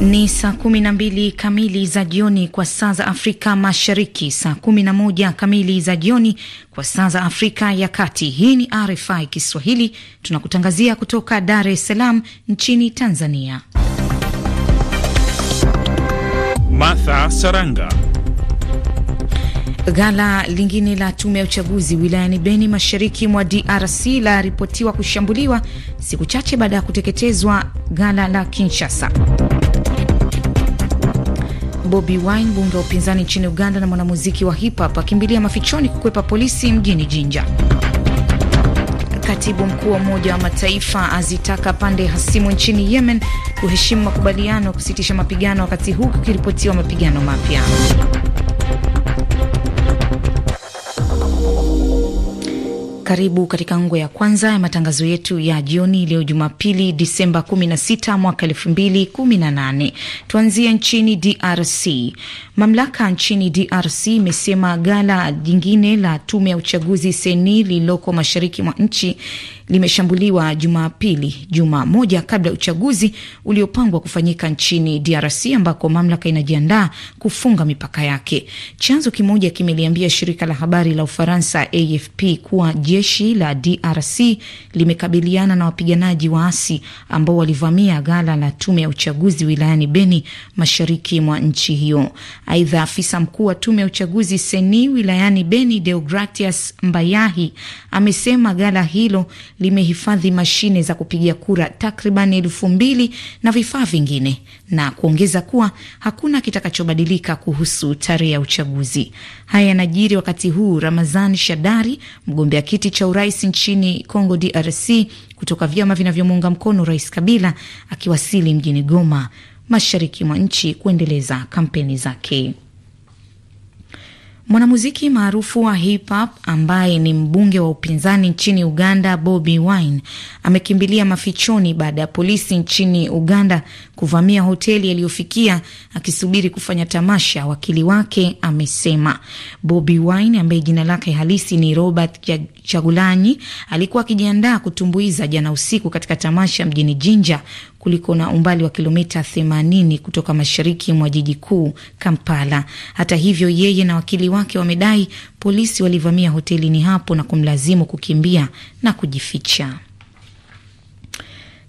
Ni saa 12 kamili za jioni kwa saa za Afrika Mashariki, saa 11 kamili za jioni kwa saa za Afrika ya Kati. Hii ni RFI Kiswahili, tunakutangazia kutoka Dar es Salaam nchini Tanzania. Martha Saranga. Ghala lingine la tume ya uchaguzi wilayani Beni mashariki mwa DRC laripotiwa kushambuliwa siku chache baada ya kuteketezwa ghala la Kinshasa. Bobi Wine, mbunge wa upinzani nchini Uganda na mwanamuziki wa hip hop, akimbilia mafichoni kukwepa polisi mjini Jinja. Katibu mkuu wa Umoja wa Mataifa azitaka pande hasimu nchini Yemen kuheshimu makubaliano ya kusitisha mapigano, wakati huu kukiripotiwa mapigano mapya. Karibu katika ngo ya kwanza ya matangazo yetu ya jioni leo Jumapili, Disemba 16 mwaka 2018. Tuanzie nchini DRC. Mamlaka nchini DRC imesema gala jingine la tume ya uchaguzi seni lililoko mashariki mwa nchi limeshambuliwa Jumapili, juma moja kabla ya uchaguzi uliopangwa kufanyika nchini DRC ambako mamlaka inajiandaa kufunga mipaka yake. Chanzo kimoja kimeliambia shirika la habari la Ufaransa AFP kuwa jeshi la DRC limekabiliana na wapiganaji waasi ambao walivamia ghala la tume ya uchaguzi wilayani Beni, mashariki mwa nchi hiyo. Aidha, afisa mkuu wa tume ya uchaguzi seni wilayani Beni, Deogratias Mbayahi, amesema ghala hilo limehifadhi mashine za kupiga kura takriban elfu mbili na vifaa vingine, na kuongeza kuwa hakuna kitakachobadilika kuhusu tarehe ya uchaguzi. Haya yanajiri wakati huu Ramazan Shadari, mgombea kiti cha urais nchini Congo DRC kutoka vyama vinavyomuunga mkono Rais Kabila, akiwasili mjini Goma mashariki mwa nchi kuendeleza kampeni zake. Mwanamuziki maarufu wa hip hop ambaye ni mbunge wa upinzani nchini Uganda, Bobi Wine amekimbilia mafichoni baada ya polisi nchini Uganda kuvamia hoteli aliyofikia akisubiri kufanya tamasha, wakili wake amesema. Bobi Wine ambaye jina lake halisi ni Robert Chagulanyi alikuwa akijiandaa kutumbuiza jana usiku katika tamasha mjini Jinja kuliko na umbali wa kilomita 80 kutoka mashariki mwa jiji kuu Kampala. Hata hivyo, yeye na wakili wake wamedai polisi walivamia hotelini hapo na kumlazimu kukimbia na kujificha.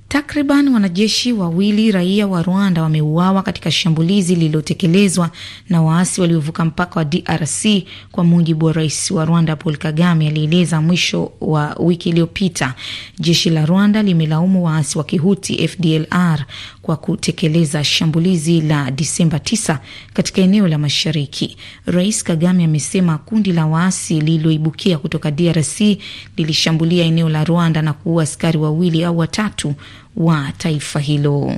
Takriban wanajeshi wawili raia wa Rwanda wameuawa katika shambulizi lililotekelezwa na waasi waliovuka mpaka wa DRC, kwa mujibu wa rais wa Rwanda Paul Kagame alieleza mwisho wa wiki iliyopita. Jeshi la Rwanda limelaumu waasi wa Kihuti FDLR kwa kutekeleza shambulizi la Disemba 9 katika eneo la mashariki. Rais Kagame amesema kundi la waasi lililoibukia kutoka DRC lilishambulia eneo la Rwanda na kuua askari wawili au watatu wa taifa hilo.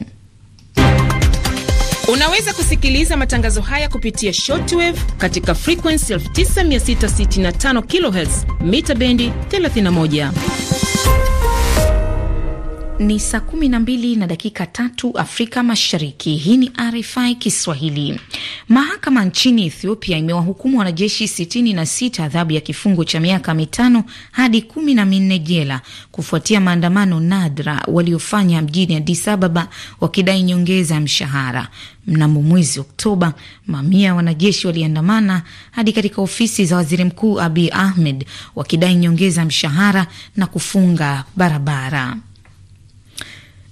Unaweza kusikiliza matangazo haya kupitia shortwave katika frequency 9665 kHz mita bendi 31. Ni saa kumi na mbili na dakika tatu Afrika Mashariki. Hii ni RFI Kiswahili. Mahakama nchini Ethiopia imewahukumu wanajeshi sitini na sita adhabu ya kifungo cha miaka mitano hadi kumi na minne jela kufuatia maandamano nadra waliofanya mjini Addis Ababa wakidai nyongeza ya mshahara. Mnamo mwezi Oktoba, mamia wanajeshi waliandamana hadi katika ofisi za waziri mkuu Abiy Ahmed wakidai nyongeza mshahara na kufunga barabara.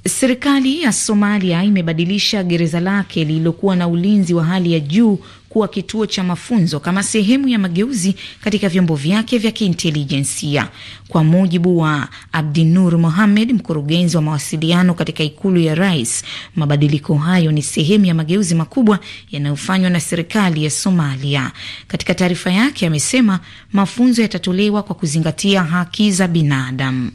Serikali ya Somalia imebadilisha gereza lake lililokuwa na ulinzi wa hali ya juu kuwa kituo cha mafunzo kama sehemu ya mageuzi katika vyombo vyake vya kiintelijensia. Kwa mujibu wa Abdinur Mohamed, mkurugenzi wa mawasiliano katika ikulu ya rais, mabadiliko hayo ni sehemu ya mageuzi makubwa yanayofanywa na serikali ya Somalia. Katika taarifa yake amesema mafunzo yatatolewa kwa kuzingatia haki za binadamu.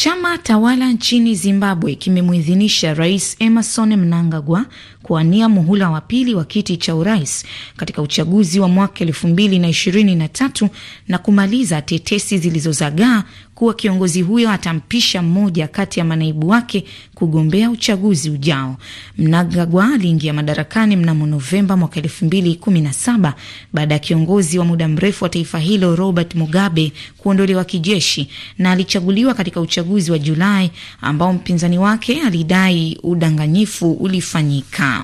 Chama tawala nchini Zimbabwe kimemwidhinisha Rais Emerson Mnangagwa kuwania muhula wa pili wa kiti cha urais katika uchaguzi wa mwaka elfu mbili na ishirini na tatu na kumaliza tetesi zilizozagaa kuwa kiongozi huyo atampisha mmoja kati ya manaibu wake kugombea uchaguzi ujao. Mnangagwa aliingia madarakani mnamo Novemba mwaka elfu mbili kumi na saba baada ya kiongozi wa muda mrefu wa taifa hilo Robert Mugabe kuondolewa kijeshi na alichaguliwa katika uchaguzi wa Julai ambao mpinzani wake alidai udanganyifu ulifanyika.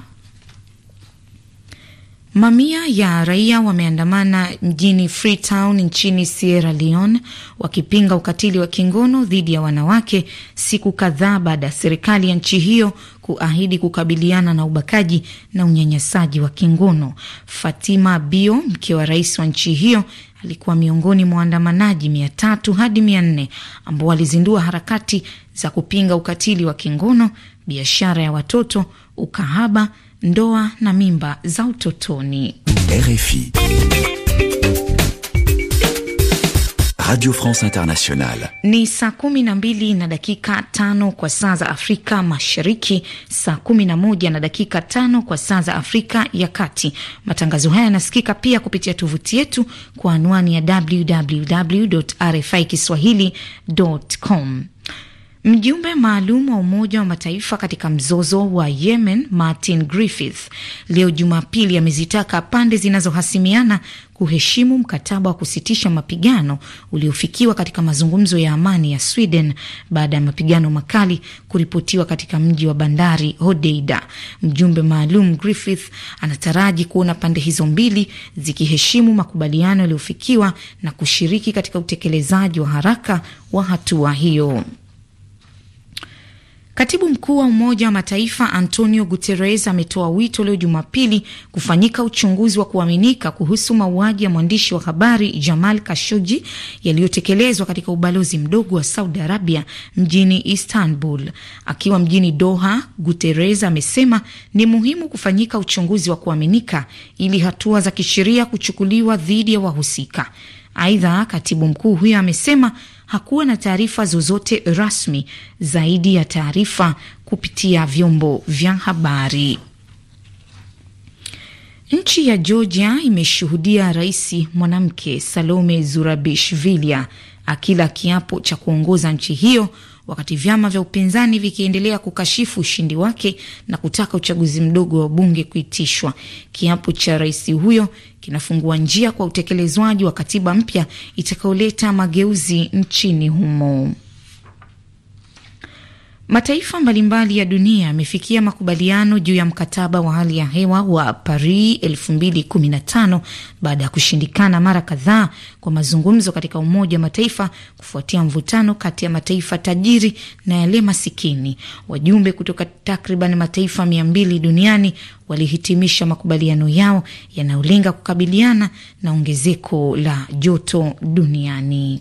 Mamia ya raia wameandamana mjini Freetown nchini Sierra Leone wakipinga ukatili wa kingono dhidi ya wanawake, siku kadhaa baada ya serikali ya nchi hiyo kuahidi kukabiliana na ubakaji na unyanyasaji wa kingono. Fatima Bio, mke wa rais wa nchi hiyo, alikuwa miongoni mwa waandamanaji mia tatu hadi mia nne ambao walizindua harakati za kupinga ukatili wa kingono, biashara ya watoto, ukahaba ndoa na mimba za utotoni. RFI Radio France Internationale. Ni saa kumi na mbili na dakika tano kwa saa za Afrika Mashariki, saa kumi na moja na dakika tano kwa saa za Afrika ya Kati. Matangazo haya yanasikika pia kupitia tovuti yetu kwa anwani ya www.rfikiswahili.com. Mjumbe maalum wa Umoja wa Mataifa katika mzozo wa Yemen, Martin Griffiths, leo Jumapili, amezitaka pande zinazohasimiana kuheshimu mkataba wa kusitisha mapigano uliofikiwa katika mazungumzo ya amani ya Sweden baada ya mapigano makali kuripotiwa katika mji wa bandari Hodeida. Mjumbe maalum Griffith anataraji kuona pande hizo mbili zikiheshimu makubaliano yaliyofikiwa na kushiriki katika utekelezaji wa haraka wa hatua hiyo. Katibu mkuu wa Umoja wa Mataifa Antonio Guterres ametoa wito leo Jumapili kufanyika uchunguzi wa kuaminika kuhusu mauaji ya mwandishi wa habari Jamal Kashoji yaliyotekelezwa katika ubalozi mdogo wa Saudi Arabia mjini Istanbul. Akiwa mjini Doha, Guterres amesema ni muhimu kufanyika uchunguzi wa kuaminika ili hatua za kisheria kuchukuliwa dhidi ya wahusika. Aidha, katibu mkuu huyo amesema hakuwa na taarifa zozote rasmi zaidi ya taarifa kupitia vyombo vya habari. Nchi ya Georgia imeshuhudia rais mwanamke Salome Zurabishvilia akila kiapo cha kuongoza nchi hiyo wakati vyama vya upinzani vikiendelea kukashifu ushindi wake na kutaka uchaguzi mdogo wa bunge kuitishwa. Kiapo cha rais huyo kinafungua njia kwa utekelezwaji wa katiba mpya itakayoleta mageuzi nchini humo. Mataifa mbalimbali ya dunia yamefikia makubaliano juu ya mkataba wa hali ya hewa wa Paris 2015 baada ya kushindikana mara kadhaa kwa mazungumzo katika Umoja wa Mataifa kufuatia mvutano kati ya mataifa tajiri na yale masikini. Wajumbe kutoka takriban mataifa 200 duniani walihitimisha makubaliano yao yanayolenga kukabiliana na ongezeko la joto duniani.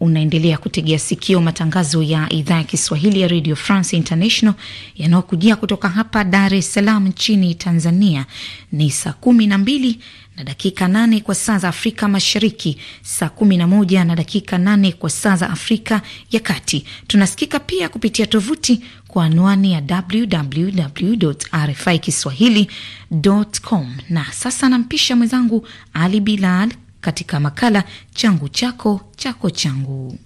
Unaendelea kutegea sikio matangazo ya idhaa ya Kiswahili ya Radio France International yanayokujia kutoka hapa Dar es Salaam nchini Tanzania. Ni saa kumi na mbili na dakika nane kwa saa za Afrika Mashariki, saa kumi na moja na dakika nane kwa saa za Afrika ya Kati. Tunasikika pia kupitia tovuti kwa anwani ya www RFI kiswahilicom Na sasa nampisha mwenzangu Ali Bilal katika makala changu chako chako changu.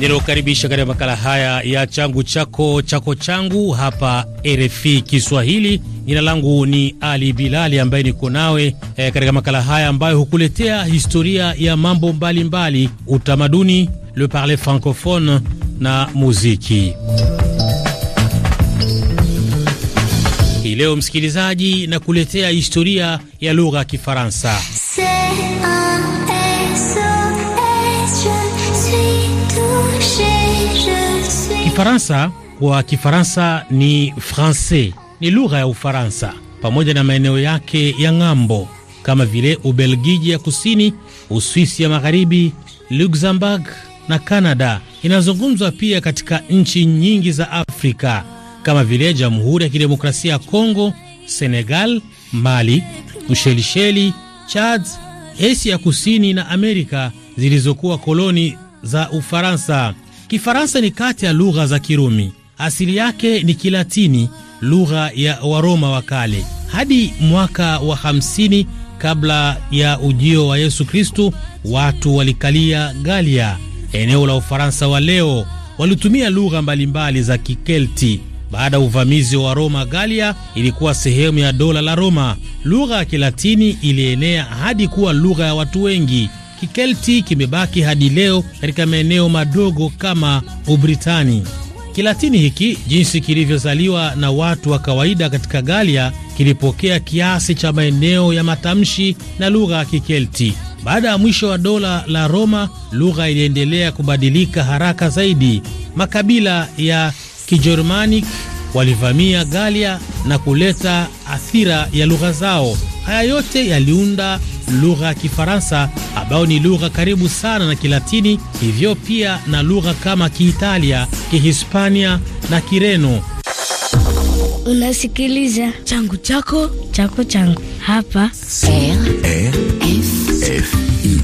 ninaokaribisha katika makala haya ya changu chako chako changu hapa RFI Kiswahili. Jina langu ni Ali Bilali ambaye niko nawe e, katika makala haya ambayo hukuletea historia ya mambo mbalimbali mbali, utamaduni, le parler francophone na muziki. Hii leo msikilizaji, na kuletea historia ya lugha ya Kifaransa. Kifaransa kwa Kifaransa ni français, ni lugha ya Ufaransa pamoja na maeneo yake ya ng'ambo kama vile Ubelgiji ya kusini, Uswisi ya magharibi, Luxembourg na Kanada. Inazungumzwa pia katika nchi nyingi za Afrika kama vile Jamhuri ya Kidemokrasia ya Kongo, Senegal, Mali, Ushelisheli, Chad, Asia ya Kusini na Amerika zilizokuwa koloni za Ufaransa. Kifaransa ni kati ya lugha za Kirumi. Asili yake ni Kilatini, lugha ya Waroma wa kale. Hadi mwaka wa 50 kabla ya ujio wa Yesu Kristu, watu walikalia Galia, eneo la Ufaransa wa leo. Walitumia lugha mbalimbali za Kikelti baada ya uvamizi wa Roma. Galia ilikuwa sehemu ya dola la Roma. Lugha ya Kilatini ilienea hadi kuwa lugha ya watu wengi. Kikelti kimebaki hadi leo katika maeneo madogo kama Ubritani. Kilatini hiki jinsi kilivyozaliwa na watu wa kawaida katika Galia kilipokea kiasi cha maeneo ya matamshi na lugha ya Kikelti. Baada ya mwisho wa dola la Roma, lugha iliendelea kubadilika haraka zaidi. Makabila ya Kijerumani walivamia Galia na kuleta athira ya lugha zao. Haya yote yaliunda lugha ya Kifaransa ambayo ni lugha karibu sana na Kilatini, hivyo pia na lugha kama Kiitalia, Kihispania na Kireno. Unasikiliza changu chako chako changu hapa RFI. RFI,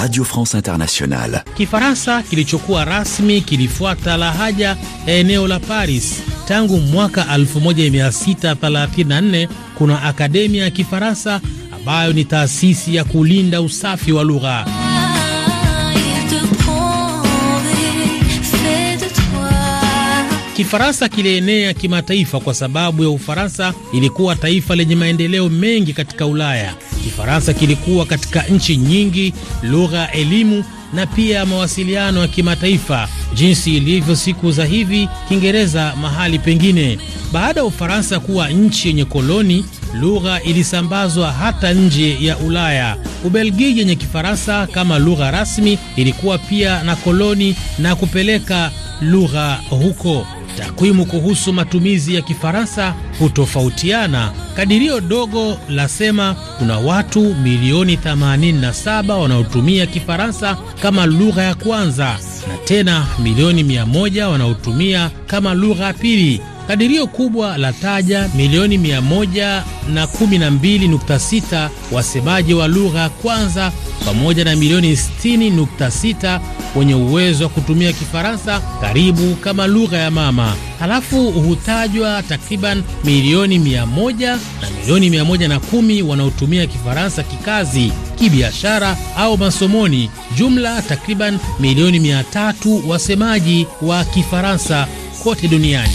Radio France Internationale. Kifaransa kilichokuwa rasmi kilifuata lahaja ya eneo la Paris. Tangu mwaka 1634 kuna akademia ya Kifaransa ambayo ni taasisi ya kulinda usafi wa lugha. Kifaransa kilienea kimataifa kwa sababu ya Ufaransa ilikuwa taifa lenye maendeleo mengi katika Ulaya. Kifaransa kilikuwa katika nchi nyingi, lugha, elimu na pia mawasiliano ya kimataifa, jinsi ilivyo siku za hivi Kiingereza mahali pengine. Baada ya Ufaransa kuwa nchi yenye koloni, lugha ilisambazwa hata nje ya Ulaya. Ubelgiji yenye Kifaransa kama lugha rasmi ilikuwa pia na koloni na kupeleka lugha huko. Takwimu kuhusu matumizi ya Kifaransa hutofautiana. Kadirio dogo lasema kuna watu milioni 87 wanaotumia Kifaransa kama lugha ya kwanza na tena milioni 100 wanaotumia kama lugha ya pili. Kadirio kubwa la taja milioni 112.6 wasemaji wa lugha kwanza pamoja na milioni 60.6 wenye uwezo wa kutumia Kifaransa karibu kama lugha ya mama. Halafu hutajwa takriban milioni 100 na milioni 110 wanaotumia Kifaransa kikazi, kibiashara au masomoni, jumla takriban milioni 300 wasemaji wa Kifaransa kote duniani.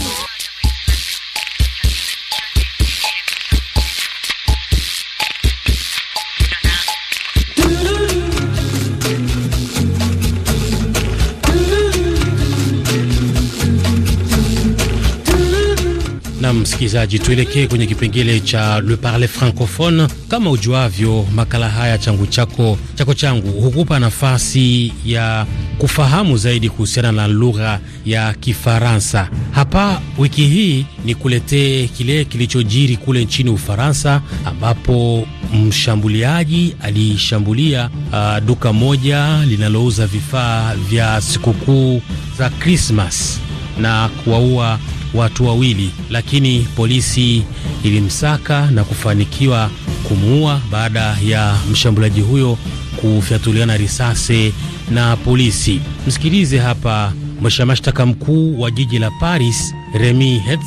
msikilizaji, tuelekee kwenye kipengele cha Le Parle Francophone. Kama ujuavyo, makala haya changu chako chako changu hukupa nafasi ya kufahamu zaidi kuhusiana na lugha ya Kifaransa. Hapa wiki hii ni kuletee kile kilichojiri kule nchini Ufaransa, ambapo mshambuliaji alishambulia uh, duka moja linalouza vifaa vya sikukuu za Krismas na kuwaua watu wawili, lakini polisi ilimsaka na kufanikiwa kumuua baada ya mshambuliaji huyo kufyatuliana risasi na polisi. Msikilize hapa mwendesha mashtaka mkuu wa jiji la Paris Remy Heitz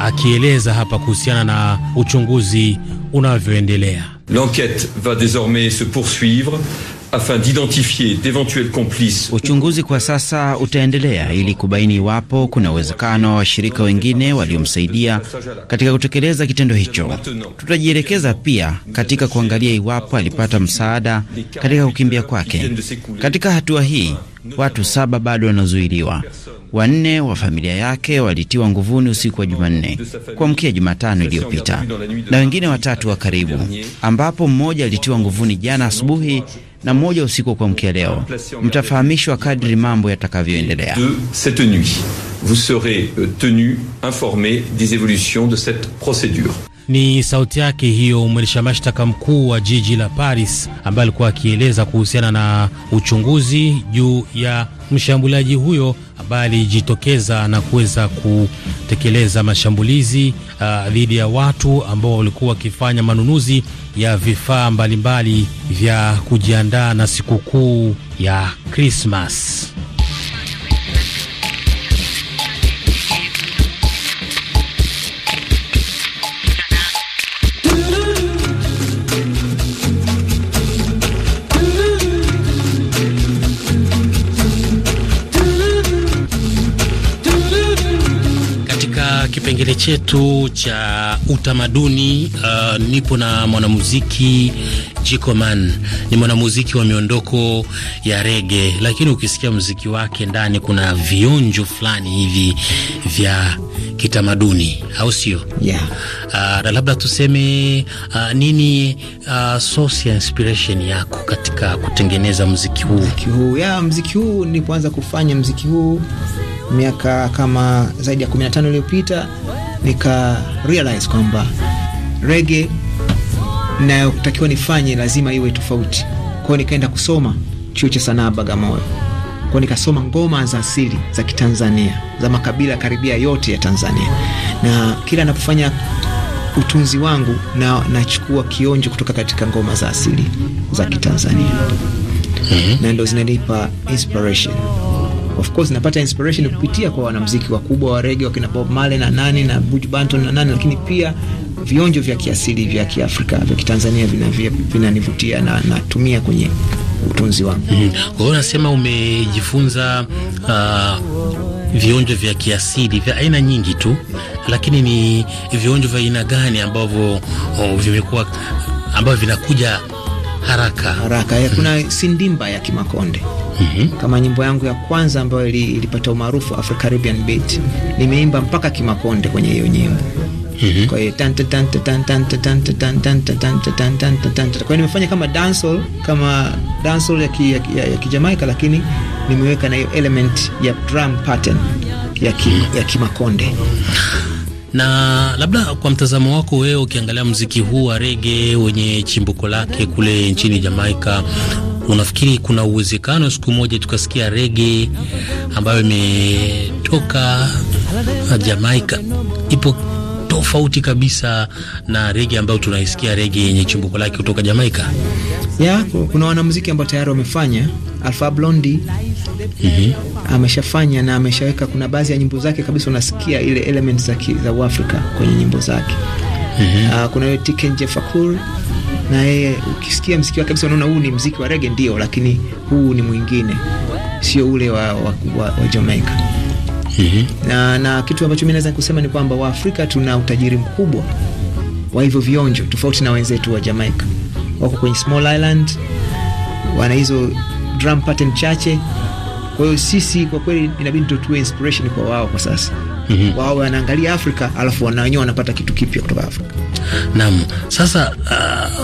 akieleza hapa kuhusiana na uchunguzi unavyoendelea. L'enquête va désormais se poursuivre afin d'identifier d'eventuels complices. Uchunguzi kwa sasa utaendelea ili kubaini iwapo kuna uwezekano wa washirika wengine waliomsaidia katika kutekeleza kitendo hicho. Tutajielekeza pia katika kuangalia iwapo alipata msaada katika kukimbia kwake. Katika hatua hii, watu saba bado wanazuiliwa. Wanne wa familia yake walitiwa nguvuni usiku wa Jumanne kuamkia Jumatano iliyopita na wengine watatu wa karibu, ambapo mmoja alitiwa nguvuni jana asubuhi na mmoja usiku wa kuamkia leo. Mtafahamishwa kadri mambo yatakavyoendelea. Vous serez euh, tenu informé des evolutions de cette procedure. Ni sauti yake hiyo mwendesha mashtaka mkuu wa jiji la Paris, ambaye alikuwa akieleza kuhusiana na uchunguzi juu ya mshambuliaji huyo ambaye alijitokeza na kuweza kutekeleza mashambulizi uh, dhidi ya watu ambao walikuwa wakifanya manunuzi ya vifaa mbalimbali vya kujiandaa na sikukuu ya Krismas. kipengele chetu cha utamaduni. Uh, nipo na mwanamuziki Jikoman. Ni mwanamuziki wa miondoko ya rege, lakini ukisikia muziki wake ndani kuna vionjo fulani hivi vya kitamaduni, au sio? Yeah. Uh, labda tuseme uh, nini uh, source ya inspiration yako katika kutengeneza muziki huu? Muziki huu, ya, muziki huu nilipoanza kufanya muziki huu miaka kama zaidi ya 15 iliyopita, nika realize kwamba rege nayotakiwa nifanye lazima iwe tofauti. Kwao nikaenda kusoma chuo cha sanaa Bagamoyo, kwao nikasoma ngoma za asili za Kitanzania za makabila karibia yote ya Tanzania, na kila napofanya utunzi wangu na nachukua kionjo kutoka katika ngoma za asili za Kitanzania mm -hmm. na ndo zinanipa inspiration Of course napata inspiration kupitia kwa wanamuziki wakubwa wa rege wakina Bob Marley na nani na Buju Banton na nani, lakini pia vionjo vya kiasili vya Kiafrika vya Kitanzania vinanivutia na natumia kwenye utunzi wangu. Mm. Kwa hiyo nasema umejifunza uh vionjo vya kiasili vya aina nyingi tu, lakini ni vionjo vya aina gani ambavyo vimekuwa ambavyo vinakuja haraka haraka? Kuna mhm. sindimba ya Kimakonde mm -hmm. kama nyimbo yangu ya kwanza ambayo ilipata umaarufu Afro Caribbean Beat, nimeimba mpaka kimakonde kwenye hiyo nyimbo. Kwa hiyo kwa hiyo nimefanya kama dancehall kama dancehall ya ya, ya Kijamaika, lakini nimeweka na hiyo element ya drum pattern ya ki, mm. ya kimakonde na labda kwa mtazamo wako wewe, ukiangalia mziki huu wa rege wenye chimbuko lake kule nchini Jamaika, Unafikiri kuna uwezekano siku moja tukasikia rege ambayo imetoka Jamaika ipo tofauti kabisa na rege ambayo tunaisikia, rege yenye chimbuko lake kutoka Jamaika? Yeah, kuna wanamuziki ambao tayari wamefanya. Alpha Blondy mm -hmm. ameshafanya na ameshaweka, kuna baadhi ya nyimbo zake kabisa unasikia ile elements za Uafrika kwenye nyimbo zake uh, kuna yule Tiken Jefakul na yeye ukisikia mziki wake kabisa unaona huu ni mziki wa rege ndio, lakini huu ni mwingine, sio ule wa, wa, wa, wa Jamaica. Mhm. Na, na kitu ambacho mimi naweza kusema ni kwamba Waafrika tuna utajiri mkubwa wa hivyo vionjo tofauti na wenzetu wa Jamaica, wako kwenye small island, wana hizo drum pattern chache. Kwa hiyo sisi kwa kweli inabidi tuwe inspiration kwa wao kwa sasa mm -hmm. wawe wanaangalia Afrika alafu wenyewe wanapata kitu kipya kutoka Afrika. Naam, sasa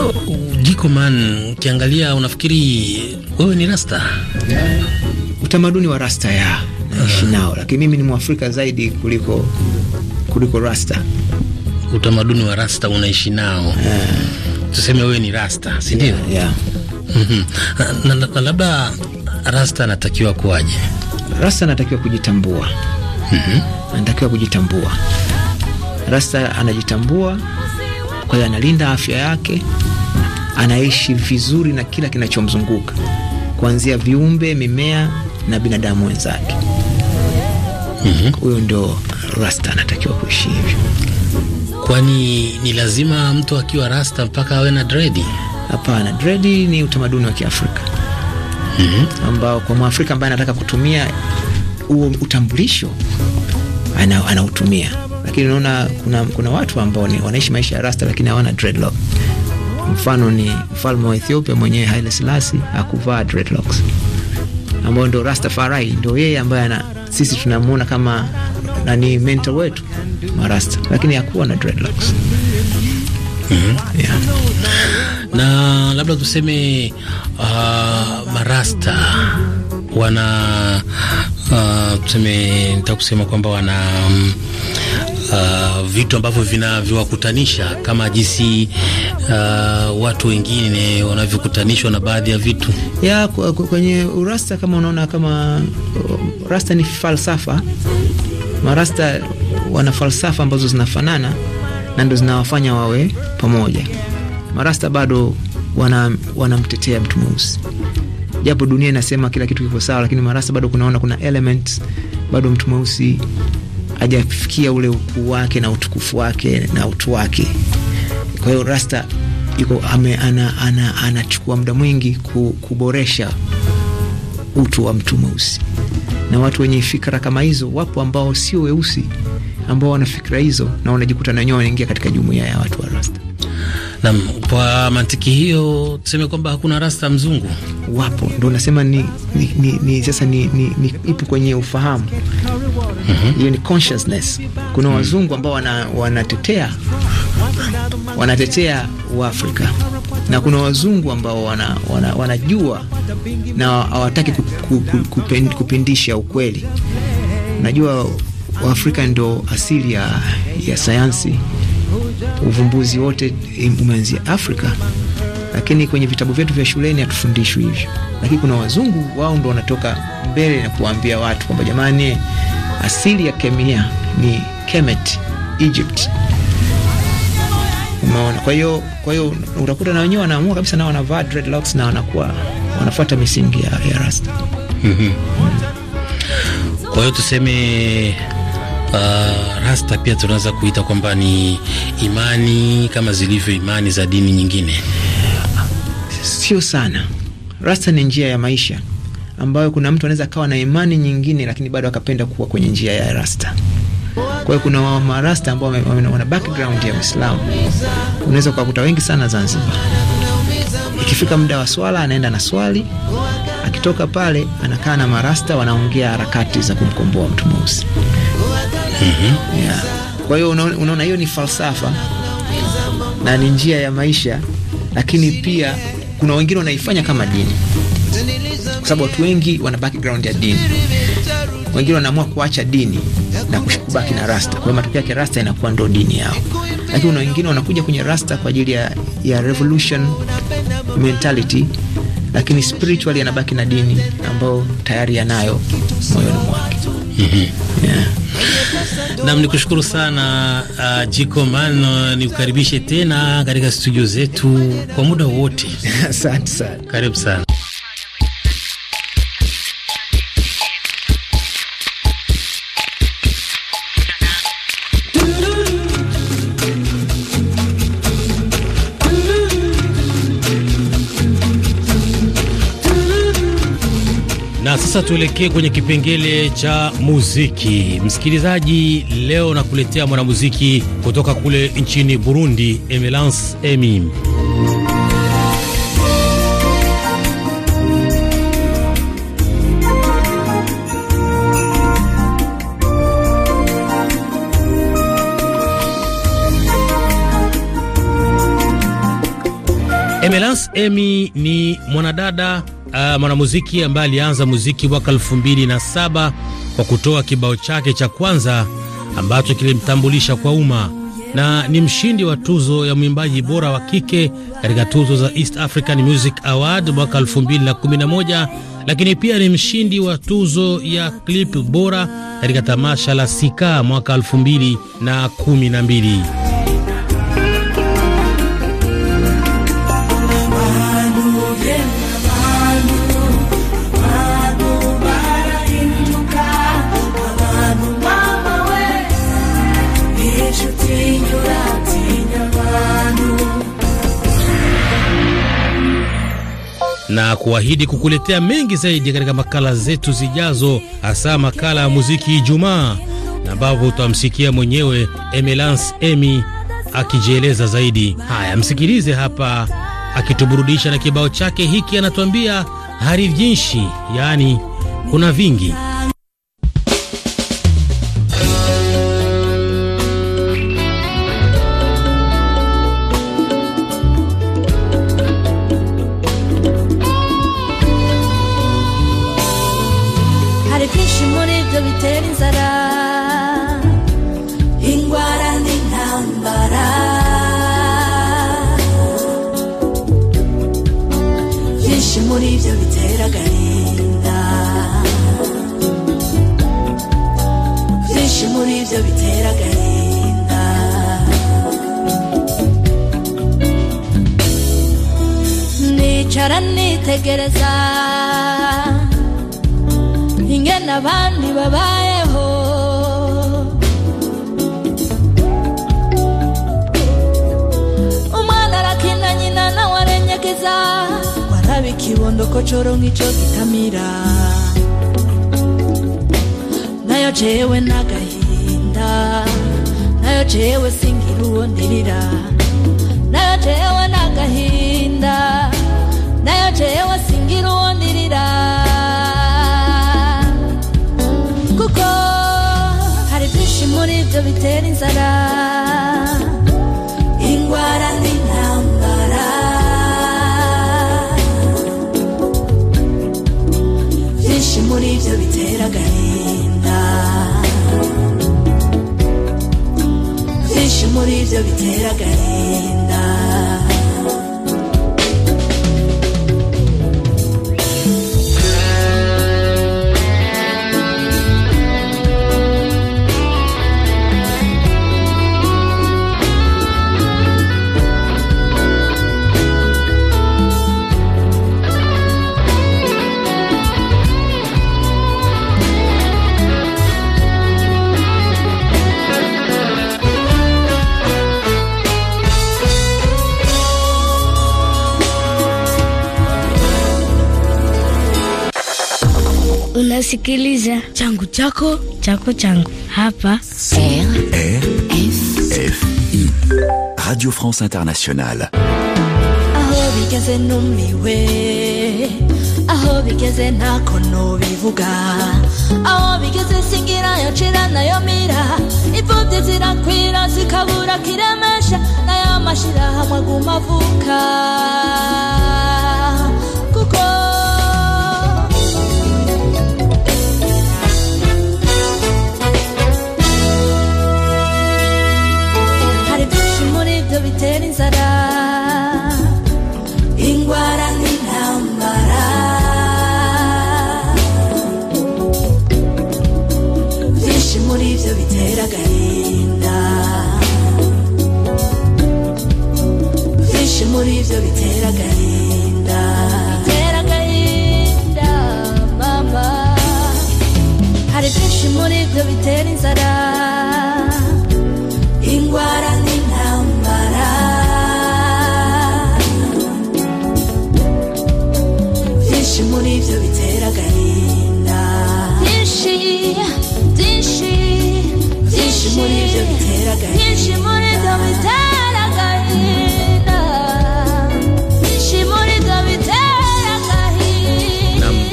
uh, Jiko Man, ukiangalia unafikiri wewe ni rasta yeah. Utamaduni wa rasta ya naishi nao uh -huh. Lakini mimi ni Mwafrika zaidi kuliko kuliko rasta. Utamaduni wa rasta unaishi nao yeah. Tuseme wewe ni rasta, si ndio? yeah, yeah. Mm -hmm. Na labda rasta anatakiwa kuwaje? Rasta anatakiwa kujitambua mm -hmm. anatakiwa kujitambua. Rasta anajitambua, kwa hiyo analinda afya yake, anaishi vizuri na kila kinachomzunguka kuanzia viumbe, mimea na binadamu wenzake. Mhm. Huyo mm -hmm. ndio rasta anatakiwa kuishi hivyo. Kwani ni lazima mtu akiwa rasta mpaka awe na dredi? Hapana, dredi ni utamaduni wa Kiafrika mm -hmm. ambao kwa Mwafrika ambaye anataka kutumia huo utambulisho anautumia ana lakini unaona kuna, kuna watu ambao ni wanaishi maisha ya rasta lakini hawana dreadlock. Mfano ni mfalme wa Ethiopia mwenyewe Haile Selassie hakuvaa dreadlocks, ambao ndo Rastafari, ndo yeye ambaye ana sisi tunamwona kama nani mentor wetu marasta, lakini hakuwa na dreadlocks. Mm -hmm. Yeah. Na labda tuseme uh, marasta wana uh, tuseme nitaka kusema kwamba wana um, Uh, vitu ambavyo vinavyowakutanisha kama jinsi uh, watu wengine wanavyokutanishwa na baadhi ya vitu ya kwenye urasta. Kama unaona kama rasta ni falsafa, marasta wana falsafa ambazo zinafanana na ndo zinawafanya wawe pamoja. Marasta bado wanamtetea wana mtu mweusi japo dunia inasema kila kitu kiko sawa, lakini Marasa bado kunaona kuna elements, bado mtu mweusi hajafikia ule ukuu wake na utukufu wake na utu wake. Kwa hiyo Rasta anachukua ana, ana, muda mwingi kuboresha utu wa mtu mweusi, na watu wenye fikra kama hizo wapo ambao sio weusi ambao wana fikra hizo na wanajikuta na wenyewe wanaingia katika jumuiya ya watu wa Rasta. Nam, kwa mantiki hiyo tuseme kwamba hakuna rasta mzungu, wapo ndo nasema ni, ni, ni, ni sasa ni, ni, ni ipo kwenye ufahamu mhm. hiyo mm -hmm. ni consciousness. Kuna mm -hmm. wazungu ambao wana, wanatetea wanatetea Waafrika na kuna wazungu ambao wana, wana, wanajua na hawataki kupindisha ukweli. Unajua Waafrika ndo asili ya, ya sayansi Uvumbuzi wote umeanzia Afrika, lakini kwenye vitabu vyetu vya shuleni hatufundishwi hivyo. Lakini kuna wazungu, wao ndo wanatoka mbele na kuwaambia watu kwamba jamani, asili ya kemia ni Kemet, Egypt. Umeona? Kwa hiyo kwa hiyo utakuta na wenyewe wanaamua kabisa, na wanavaa dreadlocks na wanakuwa wanafuata misingi ya, ya rasta. Mm Kwa hiyo tuseme Uh, rasta pia tunaweza kuita kwamba ni imani kama zilivyo imani za dini nyingine. Sio sana. Rasta ni njia ya maisha ambayo kuna mtu anaweza akawa na imani nyingine, lakini bado akapenda kuwa kwenye njia ya rasta. Kwa hiyo kuna marasta ambao wana background ya Uislamu, unaweza kukuta wengi sana Zanzibar. Ikifika muda wa swala, anaenda na swali, akitoka pale anakaa na marasta, wanaongea harakati za kumkomboa mtu mweusi. -hmm. yeah. Kwa hiyo unaona, hiyo ni falsafa na ni njia ya maisha, lakini pia kuna wengine wanaifanya kama dini, kwa sababu watu wengi wana background ya dini. Wengine wanaamua kuacha dini na kubaki na rasta, kwa matokeo yake rasta inakuwa ndo dini yao, lakini kuna wengine wanakuja kwenye rasta kwa ajili ya, ya revolution mentality lakini spiritually anabaki na dini ambayo tayari yanayo moyoni mwake. mm -hmm. yeah. Nam, nikushukuru sana uh, Jiko Man, nikukaribishe tena katika studio zetu kwa muda wote. Asante sana, karibu sana. Sasa tuelekee kwenye kipengele cha muziki. Msikilizaji, leo nakuletea mwanamuziki kutoka kule nchini Burundi, Emelance Emi. Emelance Emi ni mwanadada uh, mwanamuziki ambaye alianza muziki mwaka elfu mbili na saba kwa kutoa kibao chake cha kwanza ambacho kilimtambulisha kwa umma na ni mshindi wa tuzo ya mwimbaji bora wa kike katika tuzo za East African Music Award mwaka 2011, lakini pia ni mshindi wa tuzo ya clip bora katika tamasha la Sika mwaka 2012. na kuahidi kukuletea mengi zaidi katika makala zetu zijazo, hasa makala ya muziki Ijumaa na ambapo utamsikia mwenyewe Emelance Emi akijieleza zaidi. Haya, msikilize hapa akituburudisha na kibao chake hiki, anatuambia harijinshi yaani kuna vingi kwitegereza ingene abandi babayeho umwana arakina nyina nawe arenyegeza waraba ikibondo ko coro nk'ico gitamira nayo jewe n'agahinda nayo jewe singira uwo ndirira kye yewasingira uwondirira kuko hari byinshi muri byo bitera inzara indwara n'intambara byinshi muri byo bitera agahinda byinshi muri byo bitera agahinda Nasikiliza changu chako chako changu hapa RFI Radio France Internationale. bigeze numiwe aho bigeze ntako nubivuga aho bigeze singira yacira nayo mira ipfubyi zirakwira zikabura kiremesha nayo mashirahamwe agumavuka bitera inzara indwara n'intambara byinshi muri ibyo bitera agahinda byinshi muri ibyo bitera agahinda bitera agahinda mama hari byinshi muri ibyo bitera inzara indwara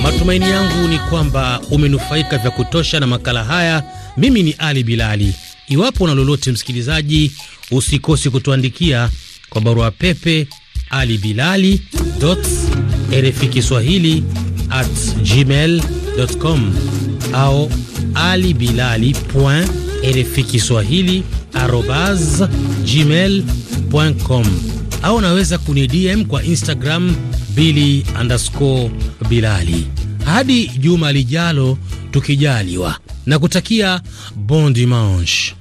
matumaini yangu ni kwamba umenufaika vya kutosha na makala haya. Mimi ni Ali Bilali. Iwapo na lolote, msikilizaji, usikosi kutuandikia kwa barua pepe ali bilali RFI Kiswahili at gmail.com au Ali Bilali point RFI Kiswahili arobas gmail.com au naweza dm kwa Instagram bili underscore bilali. Hadi juma lijalo tukijaliwa, na kutakia bon dimanche.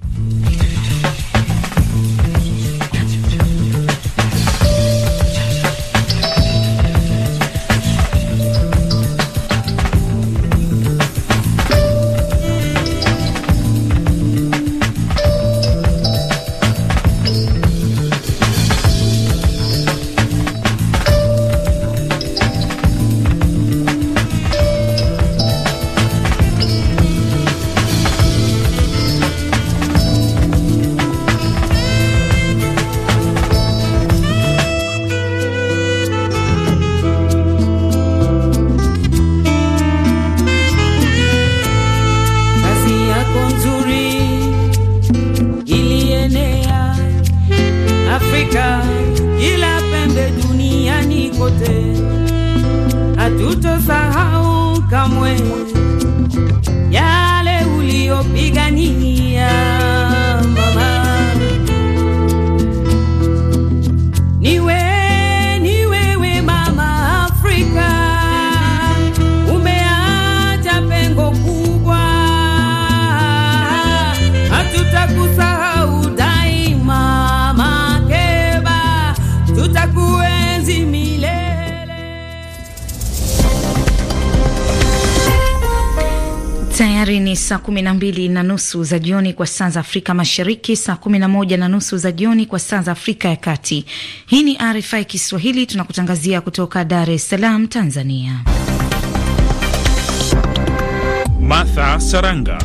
Tayari ni saa kumi na mbili na nusu za jioni kwa saa za Afrika Mashariki, saa kumi na moja na nusu za jioni kwa saa za Afrika ya Kati. Hii ni RFI Kiswahili, tunakutangazia kutoka Dar es Salaam, Tanzania. Martha Saranga.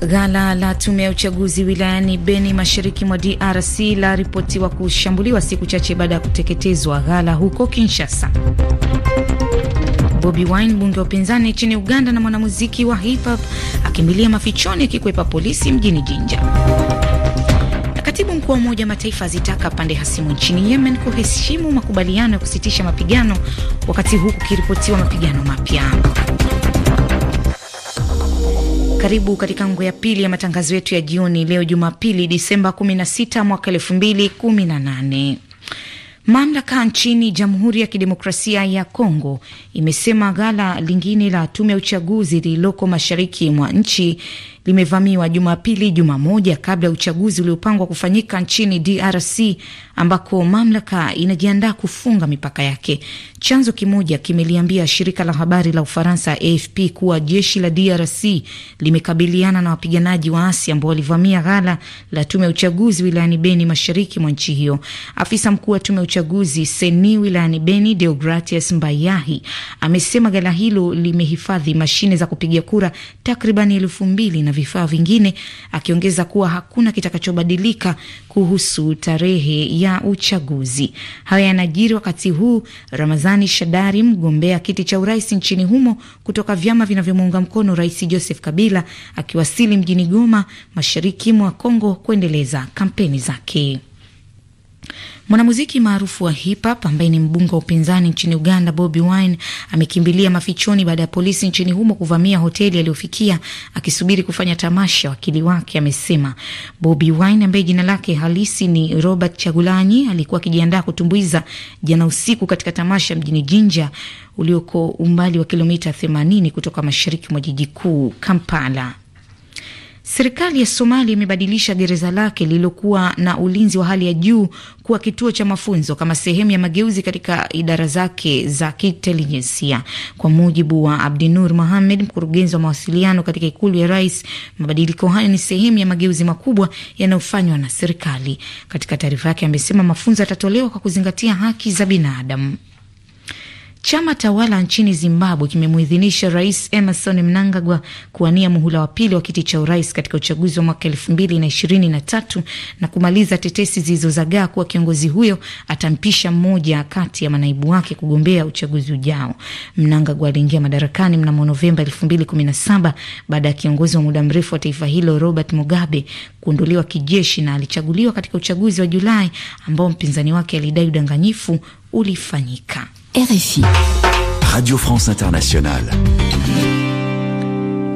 Ghala la tume ya uchaguzi wilayani Beni mashariki mwa DRC la ripotiwa kushambuliwa siku chache baada ya kuteketezwa ghala huko Kinshasa. Bobi Wine, mbunge wa upinzani nchini Uganda na mwanamuziki wa hip hop, akimbilia mafichoni akikwepa polisi mjini Jinja. Katibu mkuu wa Umoja Mataifa azitaka pande hasimu nchini Yemen kuheshimu makubaliano ya kusitisha mapigano, wakati huu kukiripotiwa mapigano mapya. Karibu katika ngo ya pili ya matangazo yetu ya jioni leo Jumapili, Disemba 16 mwaka 2018. Mamlaka nchini Jamhuri ya Kidemokrasia ya Kongo imesema ghala lingine la tume ya uchaguzi lililoko mashariki mwa nchi limevamiwa Jumapili, juma moja kabla ya uchaguzi uliopangwa kufanyika nchini DRC ambako mamlaka inajiandaa kufunga mipaka yake. Chanzo kimoja kimeliambia shirika la habari la Ufaransa AFP kuwa jeshi la DRC limekabiliana na wapiganaji waasi ambao walivamia ghala la tume ya uchaguzi wilayani Beni, mashariki mwa nchi hiyo. Afisa mkuu wa tume ya uchaguzi seni wilayani Beni, Deogratias Mbayahi, amesema ghala hilo limehifadhi mashine za kupiga kura takriban elfu mbili na vifaa vingine, akiongeza kuwa hakuna kitakachobadilika kuhusu tarehe ya uchaguzi. Haya yanajiri wakati huu Ramazani Shadari, mgombea kiti cha urais nchini humo kutoka vyama vinavyomuunga mkono Rais Joseph Kabila, akiwasili mjini Goma, mashariki mwa Kongo kuendeleza kampeni zake. Mwanamuziki maarufu wa hip hop ambaye ni mbunge wa upinzani nchini Uganda, Bobi Wine amekimbilia mafichoni baada ya polisi nchini humo kuvamia hoteli aliyofikia akisubiri kufanya tamasha, wakili wake amesema. Bobi Wine ambaye jina lake halisi ni Robert Chagulanyi alikuwa akijiandaa kutumbuiza jana usiku katika tamasha mjini Jinja ulioko umbali wa kilomita 80 kutoka mashariki mwa jiji kuu Kampala. Serikali ya Somalia imebadilisha gereza lake lililokuwa na ulinzi wa hali ya juu kuwa kituo cha mafunzo kama sehemu ya mageuzi katika idara zake za kiintelijensia. Kwa mujibu wa Abdinur Mohamed, mkurugenzi wa mawasiliano katika ikulu ya rais, mabadiliko hayo ni sehemu ya mageuzi makubwa yanayofanywa na serikali. Katika taarifa yake amesema mafunzo yatatolewa kwa kuzingatia haki za binadamu. Chama tawala nchini Zimbabwe kimemuidhinisha Rais Emerson Mnangagwa kuwania muhula wa pili wa kiti cha urais katika uchaguzi wa mwaka elfu mbili na ishirini na tatu na kumaliza tetesi zilizozagaa kuwa kiongozi huyo atampisha mmoja kati ya manaibu wake kugombea uchaguzi ujao. Mnangagwa aliingia madarakani mnamo Novemba elfu mbili kumi na saba baada ya kiongozi wa muda mrefu wa taifa hilo Robert Mugabe kuunduliwa kijeshi na alichaguliwa katika uchaguzi wa Julai ambao mpinzani wake alidai udanganyifu ulifanyika. RFI. Radio France Internationale.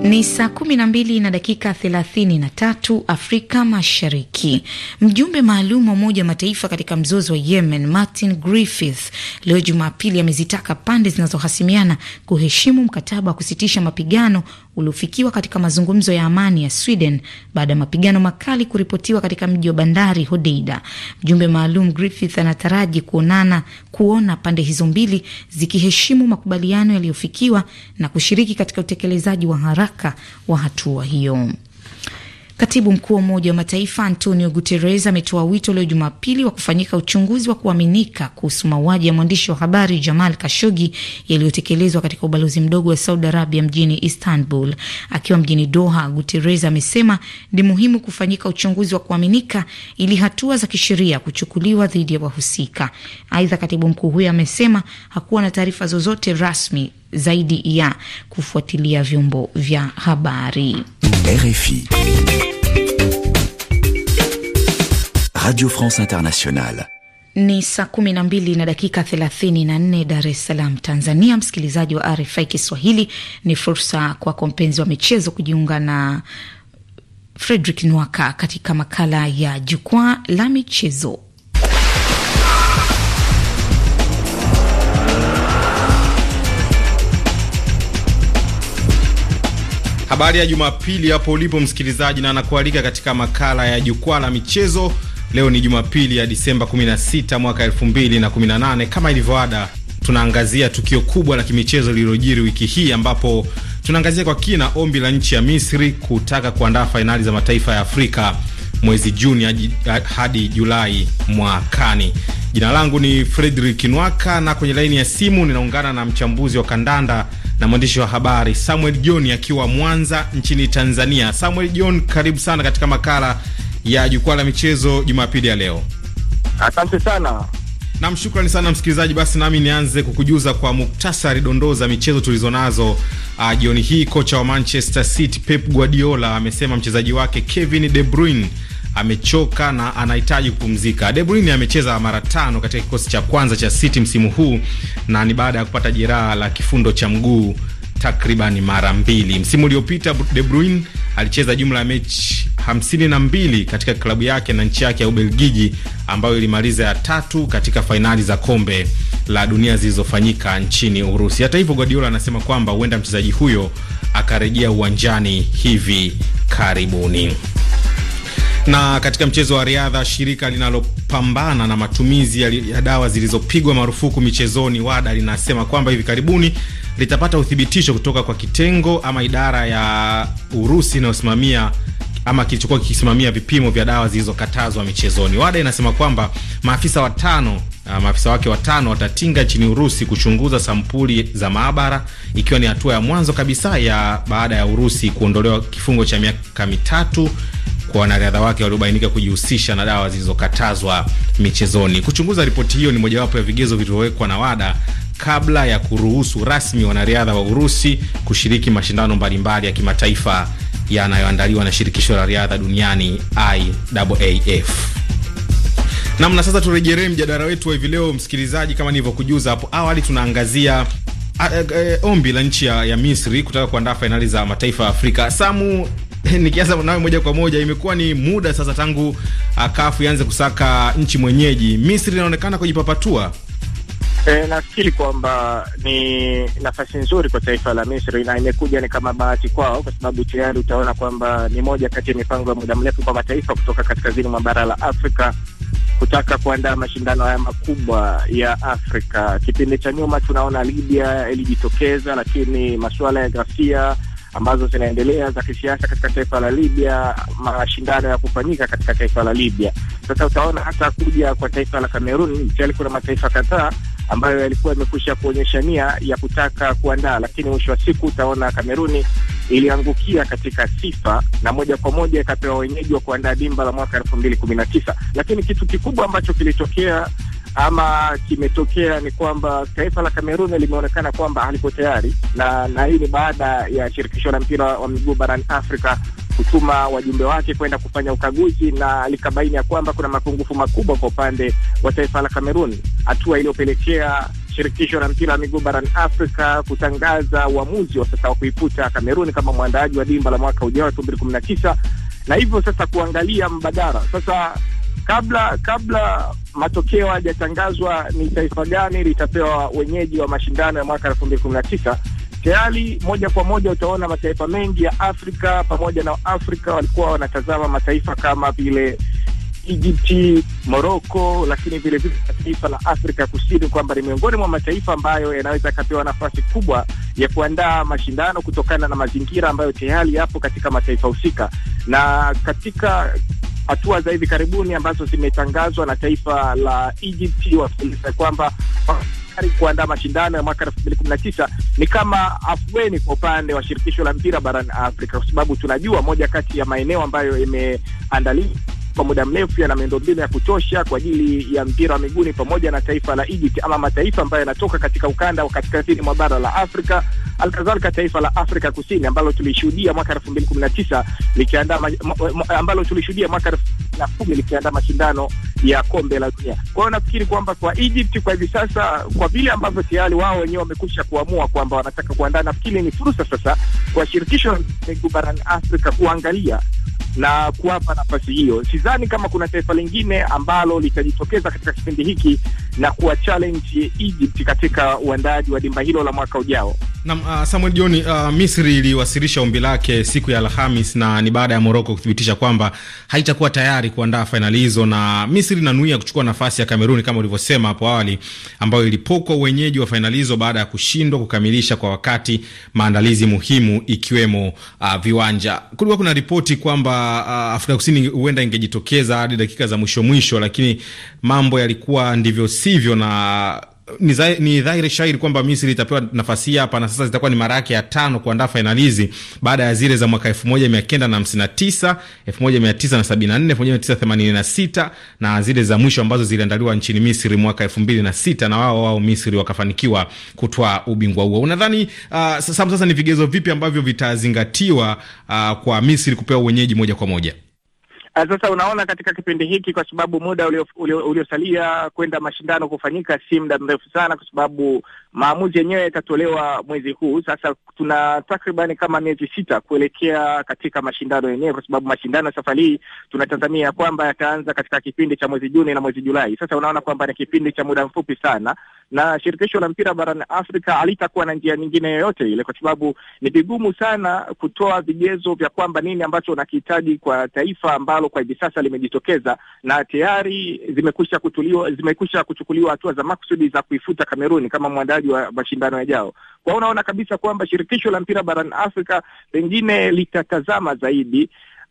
Ni saa kumi na mbili na dakika thelathini na tatu Afrika Mashariki. Mjumbe maalum wa Umoja wa Mataifa katika mzozo wa Yemen, Martin griffith leo Jumapili amezitaka pande zinazohasimiana kuheshimu mkataba wa kusitisha mapigano uliofikiwa katika mazungumzo ya amani ya Sweden baada ya mapigano makali kuripotiwa katika mji wa bandari Hodeida. Mjumbe maalum Griffith anataraji kuonana kuona pande hizo mbili zikiheshimu makubaliano yaliyofikiwa na kushiriki katika utekelezaji wa haraka wa hatua hiyo. Katibu mkuu wa Umoja wa Mataifa Antonio Guterres ametoa wito leo Jumapili wa kufanyika uchunguzi wa kuaminika kuhusu mauaji ya mwandishi wa habari Jamal Kashogi yaliyotekelezwa katika ubalozi mdogo wa Saudi Arabia mjini Istanbul. Akiwa mjini Doha, Guterres amesema ni muhimu kufanyika uchunguzi wa kuaminika ili hatua za kisheria kuchukuliwa dhidi ya wahusika. Aidha, katibu mkuu huyo amesema hakuwa na taarifa zozote rasmi zaidi ya kufuatilia vyombo vya habari. RFI. Radio France Internationale. Ni saa 12 na dakika 34 Dar es Salaam, Tanzania. Msikilizaji wa RFI Kiswahili, ni fursa kwako mpenzi wa michezo kujiunga na Fredrick Nwaka katika makala ya jukwaa la michezo. Habari ya Jumapili hapo ulipo msikilizaji, na anakualika katika makala ya jukwaa la michezo Leo ni Jumapili ya Disemba 16 mwaka 2018. Kama ilivyoada, tunaangazia tukio kubwa la kimichezo lililojiri wiki hii ambapo tunaangazia kwa kina ombi la nchi ya Misri kutaka kuandaa fainali za mataifa ya Afrika mwezi Juni hadi Julai mwakani. Jina langu ni Fredrik Nwaka na kwenye laini ya simu ninaungana na mchambuzi wa kandanda na mwandishi wa habari Samuel John akiwa Mwanza nchini Tanzania. Samuel John, karibu sana katika makala ya jukwaa la michezo Jumapili ya leo. Asante sana. Nam, shukrani sana msikilizaji. Basi nami nianze kukujuza kwa muktasari dondoo za michezo tulizonazo uh, ah, jioni hii. Kocha wa Manchester City Pep Guardiola amesema mchezaji wake Kevin De Bruyne amechoka na anahitaji kupumzika. De Bruyne amecheza mara tano katika kikosi cha kwanza cha City msimu huu na ni baada ya kupata jeraha la kifundo cha mguu takribani mara mbili. Msimu uliopita De Bruyne alicheza jumla ya mechi hamsini na mbili katika klabu yake na nchi yake ya Ubelgiji ambayo ilimaliza ya tatu katika fainali za kombe la dunia zilizofanyika nchini Urusi. Hata hivyo, Guardiola anasema kwamba huenda mchezaji huyo akarejea uwanjani hivi karibuni. Na katika mchezo wa riadha, shirika linalopambana na matumizi ya dawa zilizopigwa marufuku michezoni WADA linasema kwamba hivi karibuni litapata uthibitisho kutoka kwa kitengo ama idara ya Urusi inayosimamia ama kilichokuwa kikisimamia vipimo vya dawa zilizokatazwa michezoni. WADA inasema kwamba maafisa watano uh, maafisa wake watano watatinga nchini Urusi kuchunguza sampuli za maabara, ikiwa ni hatua ya mwanzo kabisa ya baada ya Urusi kuondolewa kifungo cha miaka mitatu kwa wanariadha wake waliobainika kujihusisha na dawa zilizokatazwa michezoni. Kuchunguza ripoti hiyo ni mojawapo ya vigezo vilivyowekwa na WADA kabla ya kuruhusu rasmi wanariadha wa Urusi kushiriki mashindano mbalimbali ya kimataifa yanayoandaliwa na shirikisho la riadha duniani IAAF. Namna sasa, turejelee mjadala wetu wa hivi leo, msikilizaji. Kama nilivyokujuza hapo awali, tunaangazia ombi la nchi ya, ya Misri kutaka kuandaa fainali za mataifa ya Afrika. Samu, nikianza nawe moja kwa moja, imekuwa ni muda sasa tangu akafu ianze kusaka nchi mwenyeji. Misri inaonekana kujipapatua E, nafikiri kwamba ni nafasi nzuri kwa taifa la Misri na imekuja ni kama bahati kwao, kwa sababu tayari utaona kwamba ni moja kati ya mipango ya muda mrefu kwa mataifa kutoka kaskazini mwa bara la Afrika kutaka kuandaa mashindano haya makubwa ya Afrika. Kipindi cha nyuma tunaona Libya ilijitokeza, lakini masuala ya ghasia ambazo zinaendelea za kisiasa katika taifa la Libya, mashindano ya kufanyika katika taifa la Libya. Sasa utaona hata kuja kwa taifa la Kamerun, tayari kuna mataifa kadhaa ambayo yalikuwa yamekwisha kuonyesha nia ya kutaka kuandaa, lakini mwisho wa siku utaona Kameruni iliangukia katika sifa na moja kwa moja ikapewa wenyeji wa kuandaa dimba la mwaka elfu mbili kumi na tisa. Lakini kitu kikubwa ambacho kilitokea ama kimetokea ni kwamba taifa la Kameruni limeonekana kwamba halipo tayari, na na hii ni baada ya shirikisho la mpira wa miguu barani Afrika kutuma wajumbe wake kwenda kufanya ukaguzi na likabaini ya kwamba kuna mapungufu makubwa kwa upande wa taifa la Kamerun, hatua iliyopelekea shirikisho la mpira wa miguu barani Afrika kutangaza uamuzi wa sasa wa kuiputa Kamerun kama mwandaaji wa dimba la mwaka ujao elfu mbili kumi na tisa na hivyo sasa kuangalia mbadala sasa kabla kabla matokeo hajatangazwa ni taifa gani litapewa wenyeji wa mashindano ya mwaka elfu mbili kumi na tisa tayari moja kwa moja utaona mataifa mengi ya Afrika pamoja na Afrika walikuwa wanatazama mataifa kama vile Egypt, Morocco, lakini vile vile taifa la Afrika Kusini kwamba ni miongoni mwa mataifa ambayo yanaweza yakapewa nafasi kubwa ya kuandaa mashindano kutokana na mazingira ambayo tayari yapo katika mataifa husika. Na katika hatua za hivi karibuni ambazo zimetangazwa na taifa la Egypt, wakieleza kwamba tayari kuandaa mashindano ya mwaka elfu mbili kumi na tisa ni kama afueni kwa upande wa shirikisho la mpira barani Afrika, kwa sababu tunajua moja kati ya maeneo ambayo imeandaliwa kwa muda mrefu yana miundombinu ya kutosha kwa ajili ya mpira wa miguni pamoja na taifa la Egypt ama mataifa ambayo yanatoka katika ukanda wa kaskazini mwa bara la Afrika, alkadhalika taifa la Afrika Kusini ambalo tulishuhudia mwaka 2019 likiandaa ambalo tulishuhudia mwaka 2010 likiandaa mashindano ya kombe la dunia. Kwa hiyo nafikiri kwamba kwa Egypt kwa hivi sasa, kwa vile ambavyo tayari wao wenyewe wamekwisha kuamua kwamba wanataka kuandaa, nafikiri ni fursa sasa kwa shirikisho la barani Afrika kuangalia na kuwapa nafasi hiyo. Sidhani kama kuna taifa lingine ambalo litajitokeza katika kipindi hiki na kuwa challenge Egypt katika uandaaji wa dimba hilo la mwaka ujao. Naam, uh, Samuel John, uh, Misri iliwasilisha ombi lake siku ya Alhamis na ni baada ya Morocco kuthibitisha kwamba haitakuwa tayari kuandaa fainali hizo, na Misri inanuia kuchukua nafasi ya Kameruni kama ulivyosema hapo awali, ambayo ilipokwa wenyeji wa fainali hizo baada ya kushindwa kukamilisha kwa wakati maandalizi muhimu ikiwemo uh, viwanja. Kulikuwa kuna ripoti kwamba uh, Afrika Kusini huenda ingejitokeza hadi dakika za mwisho mwisho, lakini mambo yalikuwa ndivyo sivyo, na uh, ni dhahiri shahiri kwamba Misri itapewa nafasi hii hapa, na sasa zitakuwa ni mara yake ya tano kuandaa fainali hizi baada ya zile za mwaka elfu moja mia kenda na tisa tisa tisa elfu elfu moja moja mia mia na na na na sabini nne themanini sita zile za mwisho ambazo ziliandaliwa nchini Misri mwaka elfu mbili na sita na wao wao Misri wakafanikiwa kutoa ubingwa huo. Unadhani uh, sasa, sasa ni vigezo vipi ambavyo vitazingatiwa uh, kwa Misri kupewa uwenyeji moja kwa moja? Ah, sasa unaona katika kipindi hiki, kwa sababu muda uliosalia ulio, ulio kwenda mashindano kufanyika si muda mrefu sana, kwa sababu Maamuzi yenyewe yatatolewa mwezi huu. Sasa tuna takriban kama miezi sita kuelekea katika mashindano yenyewe, kwa sababu mashindano safari hii tunatazamia ya kwamba yataanza katika kipindi cha mwezi Juni na mwezi Julai. Sasa unaona kwamba ni kipindi cha muda mfupi sana, na shirikisho la mpira barani Afrika alitakuwa na njia nyingine yoyote ile, kwa sababu ni vigumu sana kutoa vigezo vya kwamba nini ambacho unakihitaji kwa taifa ambalo kwa hivi sasa limejitokeza na tayari zimekwisha kutuliwa, zimekwisha kuchukuliwa hatua za makusudi za kuifuta Kameruni kama mwandaji uendeshaji wa mashindano yajao. Kwa hiyo unaona kabisa kwamba shirikisho la mpira barani Afrika pengine litatazama zaidi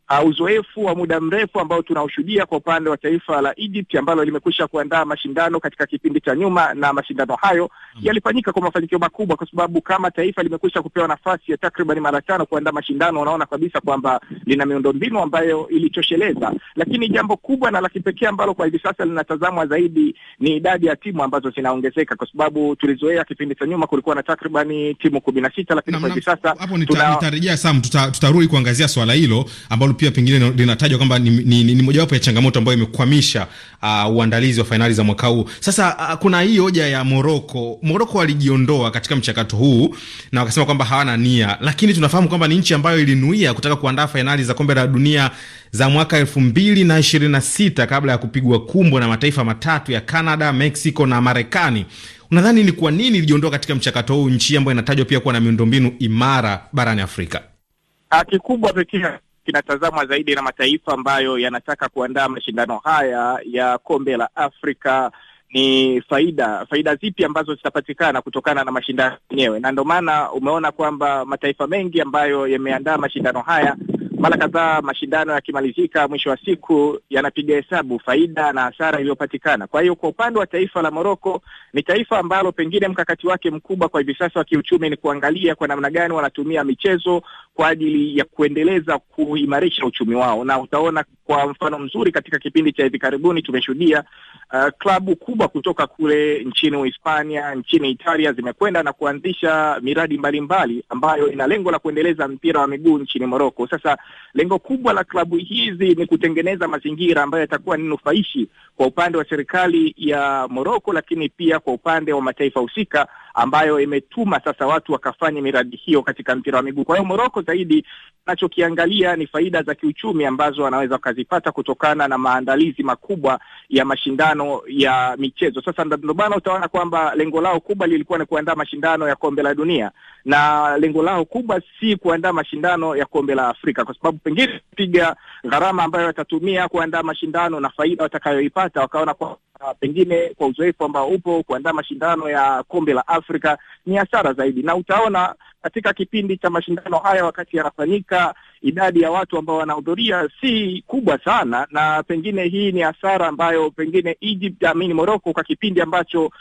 uh, uzoefu wa muda mrefu ambao tunaoshuhudia kwa upande wa taifa la Egypt ambalo limekwisha kuandaa mashindano katika kipindi cha nyuma, na mashindano hayo mm, yalifanyika kwa mafanikio makubwa, kwa sababu kama taifa limekwisha kupewa nafasi ya takriban mara tano kuandaa mashindano, unaona kabisa kwamba lina miundombinu ambayo ilitosheleza. Lakini jambo kubwa na la kipekee ambalo kwa hivi sasa linatazamwa zaidi ni idadi ya timu ambazo zinaongezeka, kwa sababu tulizoea kipindi cha nyuma kulikuwa na takriban timu kumi na sita, lakini kwa hivi sasa hapo nitarejea tuna... Sam, tutarudi tuta kuangazia swala hilo ambalo pia pengine linatajwa kwamba ni, ni, ni, ni mojawapo ya changamoto ambayo imekwamisha uh, uandalizi wa fainali za mwaka huu. Sasa uh, kuna hii hoja ya Moroko. Moroko walijiondoa katika mchakato huu na wakasema kwamba hawana nia, lakini tunafahamu kwamba ni nchi ambayo ilinuia kutaka kuandaa fainali za kombe la dunia za mwaka elfu mbili na ishirini na sita kabla ya kupigwa kumbo na mataifa matatu ya Canada, Mexico na Marekani. Unadhani ni kwa nini ilijiondoa katika mchakato huu, nchi ambayo inatajwa pia kuwa na miundombinu imara barani Afrika? Ah, kikubwa pekee kinatazamwa zaidi na mataifa ambayo yanataka kuandaa mashindano haya ya kombe la Afrika ni faida faida zipi ambazo zitapatikana kutokana na mashindano yenyewe, na ndio maana umeona kwamba mataifa mengi ambayo yameandaa mashindano haya mara kadhaa, mashindano yakimalizika, mwisho wa siku yanapiga hesabu faida na hasara iliyopatikana. Kwa hiyo kwa upande wa taifa la Moroko, ni taifa ambalo pengine mkakati wake mkubwa kwa hivi sasa wa kiuchumi ni kuangalia kwa namna gani wanatumia michezo kwa ajili ya kuendeleza kuimarisha uchumi wao, na utaona kwa mfano mzuri katika kipindi cha hivi karibuni tumeshuhudia uh, klabu kubwa kutoka kule nchini Uhispania, nchini Italia zimekwenda na kuanzisha miradi mbalimbali mbali, ambayo ina lengo la kuendeleza mpira wa miguu nchini Morocco. Sasa lengo kubwa la klabu hizi ni kutengeneza mazingira ambayo yatakuwa ni nufaishi kwa upande wa serikali ya Morocco, lakini pia kwa upande wa mataifa husika ambayo imetuma sasa watu wakafanye miradi hiyo katika mpira wa miguu. Kwa hiyo Morocco zaidi nachokiangalia ni faida za kiuchumi ambazo wanaweza wakazipata kutokana na maandalizi makubwa ya mashindano ya michezo. Sasa ndio maana utaona kwamba lengo lao kubwa lilikuwa ni kuandaa mashindano ya kombe la dunia na lengo lao kubwa si kuandaa mashindano ya kombe la Afrika, kwa sababu pengine piga gharama ambayo watatumia kuandaa mashindano na faida watakayoipata wakaona kwa ah, pengine kwa uzoefu ambao upo kuandaa mashindano ya kombe la Afrika ni hasara zaidi, na utaona katika kipindi cha mashindano haya wakati yanafanyika idadi ya watu ambao wanahudhuria si kubwa sana, na pengine hii ni hasara ambayo pengine Egypt, amini Morocco, kwa kipindi ambacho uh,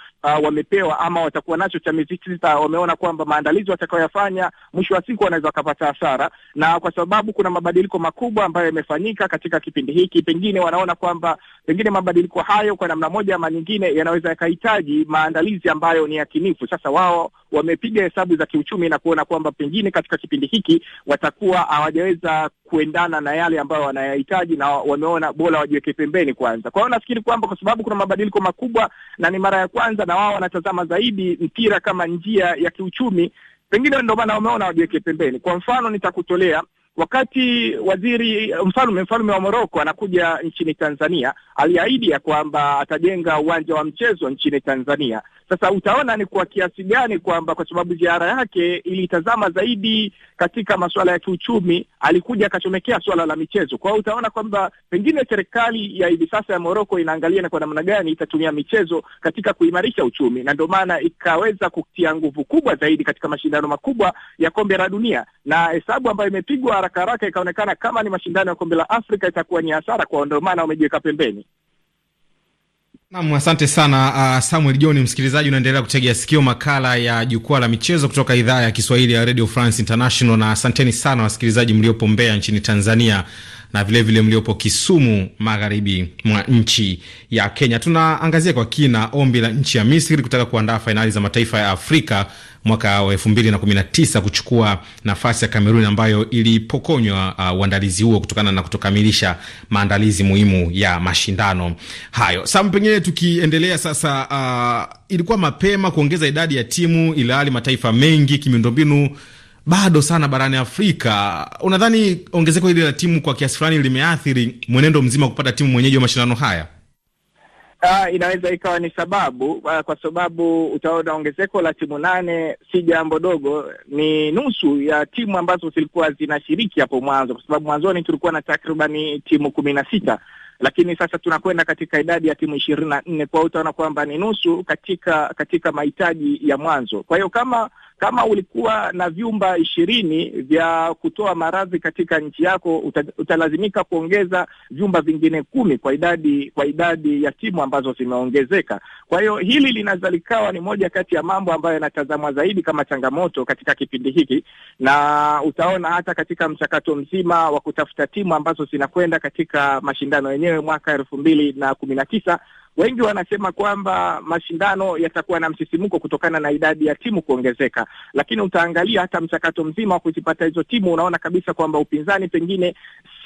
wamepewa ama watakuwa nacho cha miezi sita, wameona kwamba maandalizi watakayoyafanya mwisho wa siku wanaweza wakapata hasara, na kwa sababu kuna mabadiliko makubwa ambayo yamefanyika katika kipindi hiki, pengine wanaona kwamba pengine mabadiliko hayo kwa namna moja ama nyingine yanaweza yakahitaji maandalizi ambayo ni yakinifu. Sasa wao wamepiga hesabu za kiuchumi na kuona kwamba pengine katika kipindi hiki watakuwa hawajaweza kuendana na yale ambayo wanayahitaji, na wameona bora wajiweke pembeni kwanza. Kwa hiyo nafikiri kwamba kwa sababu kuna mabadiliko makubwa na ni mara ya kwanza, na wao wanatazama zaidi mpira kama njia ya kiuchumi, pengine ndio maana wameona wajiweke pembeni. Kwa mfano nitakutolea wakati waziri mfalme mfalme wa Moroko anakuja nchini Tanzania, aliahidi ya kwamba atajenga uwanja wa mchezo nchini Tanzania, sasa utaona ni kwa kiasi gani kwamba kwa sababu ziara yake ilitazama zaidi katika masuala ya kiuchumi, alikuja akachomekea swala la michezo. Kwa hiyo utaona kwamba pengine serikali ya hivi sasa ya Moroko inaangalia na kwa namna gani itatumia michezo katika kuimarisha uchumi, na ndio maana ikaweza kutia nguvu kubwa zaidi katika mashindano makubwa ya kombe la dunia, na hesabu ambayo imepigwa haraka haraka ikaonekana kama ni mashindano ya kombe la Afrika itakuwa ni hasara kwao ndio maana wamejiweka pembeni. Nam, asante sana uh, Samuel John. Msikilizaji, unaendelea kutegea sikio makala ya jukwaa la michezo kutoka idhaa ya Kiswahili ya Radio France International, na asanteni sana wasikilizaji mliopo Mbeya nchini Tanzania na vilevile mliopo Kisumu magharibi mwa nchi ya Kenya. Tunaangazia kwa kina ombi la nchi ya Misri kutaka kuandaa fainali za mataifa ya Afrika mwaka wa tisa kuchukua nafasi ya Kamerun ambayo ilipokonywa uh, uandalizi huo kutokana na kutokamilisha maandalizi muhimu ya mashindano hayo. Sam, pengine tukiendelea sasa, uh, ilikuwa mapema kuongeza idadi ya timu, ilhali mataifa mengi kimiundombinu bado sana barani Afrika. Unadhani ongezeko hili la timu kwa kiasi fulani limeathiri mwenendo mzima wa kupata timu mwenyeji wa mashindano haya? Uh, inaweza ikawa ni sababu uh, kwa sababu utaona ongezeko la timu nane si jambo dogo, ni nusu ya timu ambazo zilikuwa zinashiriki hapo mwanzo, kwa sababu mwanzoni tulikuwa na takribani timu kumi na sita lakini sasa tunakwenda katika idadi ya timu ishirini na nne. Kwa hiyo utaona kwamba ni nusu katika katika mahitaji ya mwanzo. Kwa hiyo kama kama ulikuwa na vyumba ishirini vya kutoa maradhi katika nchi yako, uta, utalazimika kuongeza vyumba vingine kumi kwa idadi kwa idadi ya timu ambazo zimeongezeka. Kwa hiyo hili linaweza likawa ni moja kati ya mambo ambayo yanatazamwa zaidi kama changamoto katika kipindi hiki, na utaona hata katika mchakato mzima wa kutafuta timu ambazo zinakwenda katika mashindano yenyewe mwaka elfu mbili na kumi na tisa Wengi wanasema kwamba mashindano yatakuwa na msisimko kutokana na idadi ya timu kuongezeka, lakini utaangalia hata mchakato mzima wa kuzipata hizo timu, unaona kabisa kwamba upinzani pengine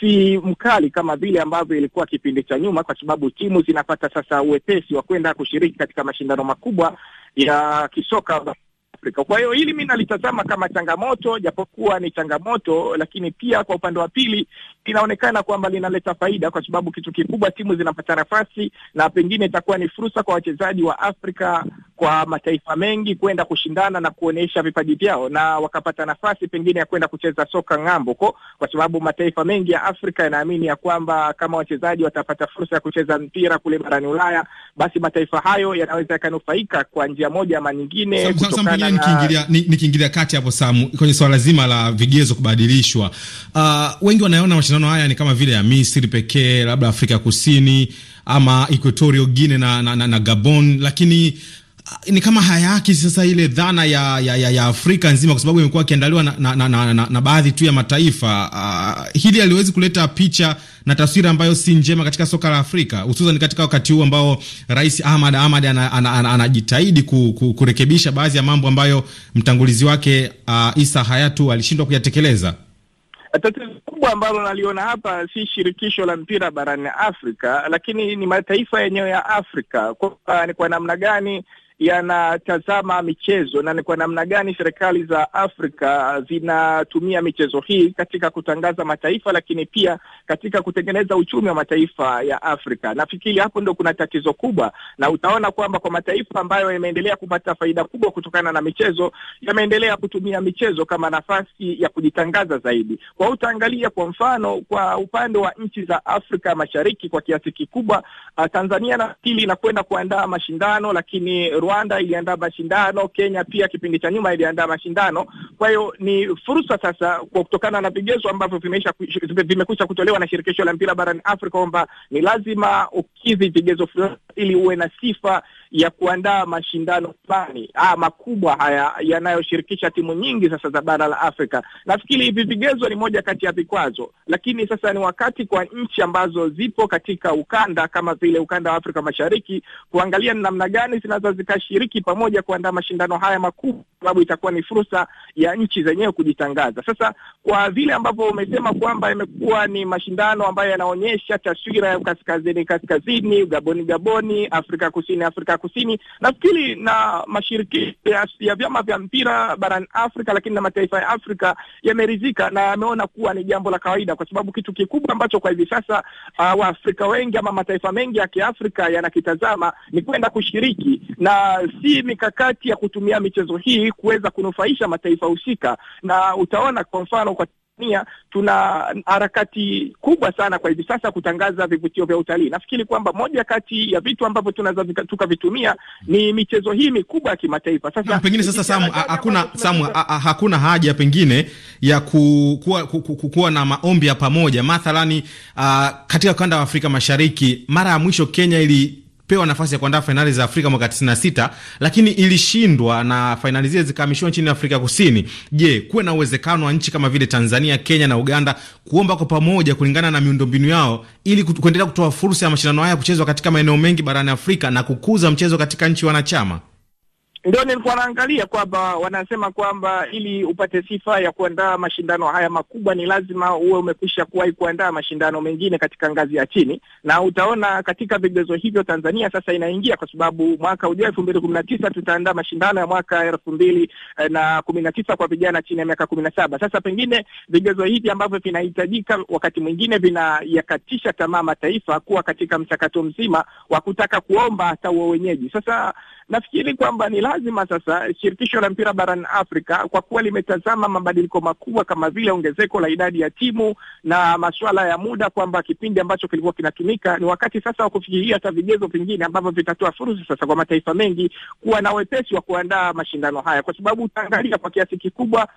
si mkali kama vile ambavyo ilikuwa kipindi cha nyuma, kwa sababu timu zinapata sasa uwepesi wa kwenda kushiriki katika mashindano makubwa ya kisoka Afrika. Kwa hiyo hili mi nalitazama kama changamoto, japokuwa ni changamoto, lakini pia kwa upande wa pili inaonekana kwamba linaleta faida, kwa sababu kitu kikubwa timu zinapata nafasi na pengine itakuwa ni fursa kwa wachezaji wa Afrika kwa mataifa mengi kwenda kushindana na kuonyesha vipaji vyao na wakapata nafasi pengine ya kwenda kucheza soka ng'ambo ko, kwa sababu mataifa mengi ya Afrika yanaamini ya kwamba kama wachezaji watapata fursa ya kucheza mpira kule barani Ulaya, basi mataifa hayo yanaweza yakanufaika kwa njia moja ama nyingine kutokana nikiingilia nikiingilia kati hapo Samu, kwenye swala zima la vigezo kubadilishwa, uh, wengi wanaona mashindano haya ni kama vile ya Misri pekee, labda Afrika Kusini ama Equatorial Guinea na, na, na, na Gabon, lakini ni kama hayaki sasa ile dhana ya, ya, ya, ya Afrika nzima kwa sababu imekuwa ikiandaliwa na, na, na, na, na, na baadhi tu ya mataifa uh, hili aliwezi kuleta picha na taswira ambayo si njema katika soka la Afrika hususan katika wakati huu ambao Rais Ahmad Ahmad anajitahidi ana, ana, ana, kurekebisha baadhi ya mambo ambayo mtangulizi wake uh, ah, Isa Hayatu alishindwa kuyatekeleza. Tatizo kubwa ambalo naliona hapa si shirikisho la mpira barani Afrika, lakini ni mataifa yenyewe ya Afrika kwa, uh, ni kwa namna gani yanatazama michezo na ni kwa namna gani serikali za Afrika zinatumia michezo hii katika kutangaza mataifa, lakini pia katika kutengeneza uchumi wa mataifa ya Afrika. Nafikiri hapo ndo kuna tatizo kubwa, na utaona kwamba kwa mataifa ambayo yameendelea kupata faida kubwa kutokana na michezo yameendelea kutumia michezo kama nafasi ya kujitangaza zaidi. Kwa utaangalia kwa mfano kwa upande wa nchi za Afrika Mashariki kwa kiasi kikubwa, Tanzania nafikiri inakwenda kuandaa mashindano lakini Rwanda iliandaa mashindano, Kenya pia kipindi cha nyuma iliandaa mashindano. Kwa hiyo ni fursa sasa, kwa kutokana na vigezo ambavyo vimekwisha kutolewa na shirikisho la mpira barani Afrika kwamba ni lazima hivi vigezo fulani ili uwe na sifa ya kuandaa mashindano fulani ah, makubwa haya yanayoshirikisha timu nyingi sasa za bara la Afrika. Nafikiri hivi vigezo ni moja kati ya vikwazo, lakini sasa ni wakati kwa nchi ambazo zipo katika ukanda kama vile ukanda wa Afrika Mashariki kuangalia ni namna gani zinaweza zikashiriki pamoja kuandaa mashindano haya makubwa, sababu itakuwa ni fursa ya nchi zenyewe kujitangaza. Sasa kwa vile ambavyo umesema kwamba imekuwa ni mashindano ambayo yanaonyesha taswira ya kaskazini kaskazini Kusini, Gaboni Gaboni, Afrika Kusini Afrika Kusini. Nafikiri na mashiriki ya, ya vyama vya mpira barani Afrika, lakini na mataifa ya Afrika yameridhika na yameona kuwa ni jambo la kawaida, kwa sababu kitu kikubwa ambacho kwa hivi sasa uh, Waafrika wengi ama mataifa mengi ya Kiafrika yanakitazama ni kwenda kushiriki na si mikakati ya kutumia michezo hii kuweza kunufaisha mataifa husika, na utaona kwa mfano kwa Tanzania tuna harakati kubwa sana kwa hivi sasa kutangaza vivutio vya utalii. Nafikiri kwamba moja kati ya vitu ambavyo tunaweza tukavitumia ni michezo hii mikubwa ya kimataifa. Sasa pengine sasa Sam, hakuna Sam, hakuna haja pengine ya kukuwa, na maombi ya pamoja mathalani, uh, katika ukanda wa Afrika Mashariki, mara ya mwisho Kenya ili ilipewa nafasi ya kuandaa fainali za Afrika mwaka 96 lakini ilishindwa na fainali zile zikahamishwa nchini Afrika Kusini. Je, kuwe na uwezekano wa nchi kama vile Tanzania, Kenya na Uganda kuomba kwa pamoja kulingana na miundombinu yao ili kuendelea kutoa fursa ya mashindano haya kuchezwa katika maeneo mengi barani Afrika na kukuza mchezo katika nchi wanachama? Ndio nilikuwa naangalia kwamba wanasema kwamba ili upate sifa ya kuandaa mashindano haya makubwa ni lazima uwe umekwisha kuwahi kuandaa mashindano mengine katika ngazi ya chini, na utaona katika vigezo hivyo Tanzania sasa inaingia, kwa sababu mwaka ujao elfu mbili kumi na tisa tutaandaa mashindano ya mwaka elfu mbili eh, na kumi na tisa kwa vijana chini ya miaka kumi na saba. Sasa pengine vigezo hivi ambavyo vinahitajika wakati mwingine vinayakatisha tamaa mataifa kuwa katika mchakato mzima wa kutaka kuomba hata uwa wenyeji. Sasa nafikiri kwamba ni lazima sasa shirikisho la mpira barani Afrika kwa kuwa limetazama mabadiliko makubwa kama vile ongezeko la idadi ya timu na masuala ya muda, kwamba kipindi ambacho kilikuwa kinatumika ni wakati sasa wa kufikiria hata vigezo vingine ambavyo vitatoa fursa sasa kwa mataifa mengi kuwa na wepesi wa kuandaa mashindano haya, kwa sababu utaangalia kwa kiasi kikubwa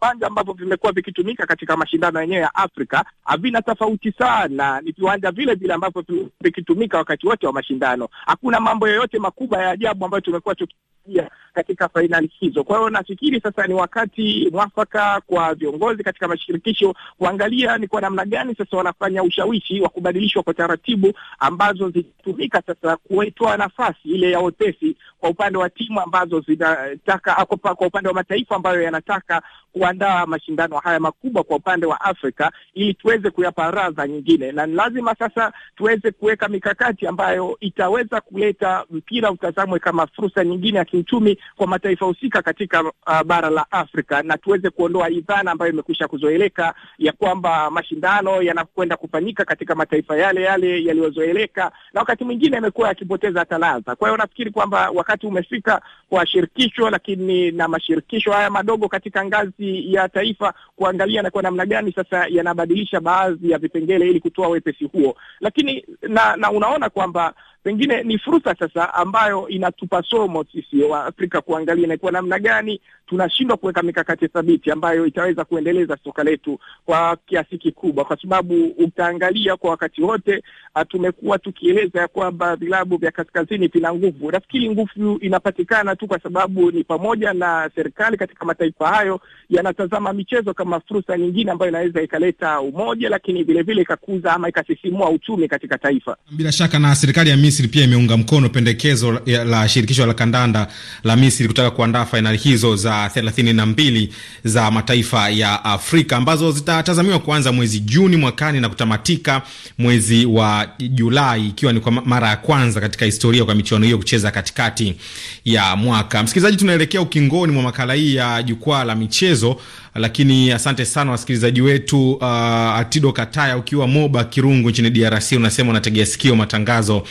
viwanja ambavyo vimekuwa vikitumika katika mashindano yenyewe ya Afrika havina tofauti sana, ni viwanja vile vile ambavyo vikitumika wakati wote wa mashindano. Hakuna mambo yoyote makubwa ya ajabu ambayo tumekuwa tuki kutarajia katika fainali hizo. Kwa hiyo nafikiri sasa ni wakati mwafaka kwa viongozi katika mashirikisho kuangalia ni kwa namna gani sasa wanafanya ushawishi wa kubadilishwa kwa taratibu ambazo zitumika sasa kuitoa nafasi ile ya wepesi kwa upande wa timu ambazo zinataka, kwa upande wa mataifa ambayo yanataka kuandaa mashindano haya makubwa kwa upande wa Afrika ili tuweze kuyapa radha nyingine, na lazima sasa tuweze kuweka mikakati ambayo itaweza kuleta mpira utazamwe kama fursa nyingine ya kiuchumi kwa mataifa husika katika uh, bara la Afrika, na tuweze kuondoa idhana ambayo imekwisha kuzoeleka ya kwamba mashindano yanakwenda kufanyika katika mataifa yale yale yaliyozoeleka, na wakati mwingine yamekuwa yakipoteza talanta. Kwa hiyo nafikiri kwamba wakati umefika kwa shirikisho, lakini na mashirikisho haya madogo katika ngazi kamati ya taifa kuangalia na kwa namna gani sasa yanabadilisha baadhi ya vipengele ili kutoa wepesi huo, lakini na, na unaona kwamba pengine ni fursa sasa ambayo inatupa somo sisi wa Afrika kuangalia inakuwa namna gani tunashindwa kuweka mikakati thabiti ambayo itaweza kuendeleza soka letu kwa kiasi kikubwa, kwa sababu utaangalia kwa wakati wote ah, tumekuwa tukieleza ya kwamba vilabu vya kaskazini vina nguvu. Nafikiri nguvu inapatikana tu kwa sababu ni pamoja na serikali katika mataifa hayo yanatazama michezo kama fursa nyingine ambayo inaweza ikaleta umoja, lakini vilevile ikakuza ama ikasisimua uchumi katika taifa. Bila shaka na serikali ya misi Misri pia imeunga mkono pendekezo la shirikisho la kandanda la Misri kutaka kuandaa fainali hizo za 32 za mataifa ya Afrika ambazo zitatazamiwa kuanza mwezi Juni mwakani na kutamatika mwezi wa Julai, ikiwa ni kwa mara ya kwanza katika historia kwa michuano hiyo kucheza katikati ya mwaka. Msikilizaji, tunaelekea ukingoni mwa makala hii ya jukwaa la michezo. Lakini asante sana wasikilizaji wetu. Uh, Atido Kataya ukiwa Moba Kirungu nchini DRC unasema unategea sikio matangazo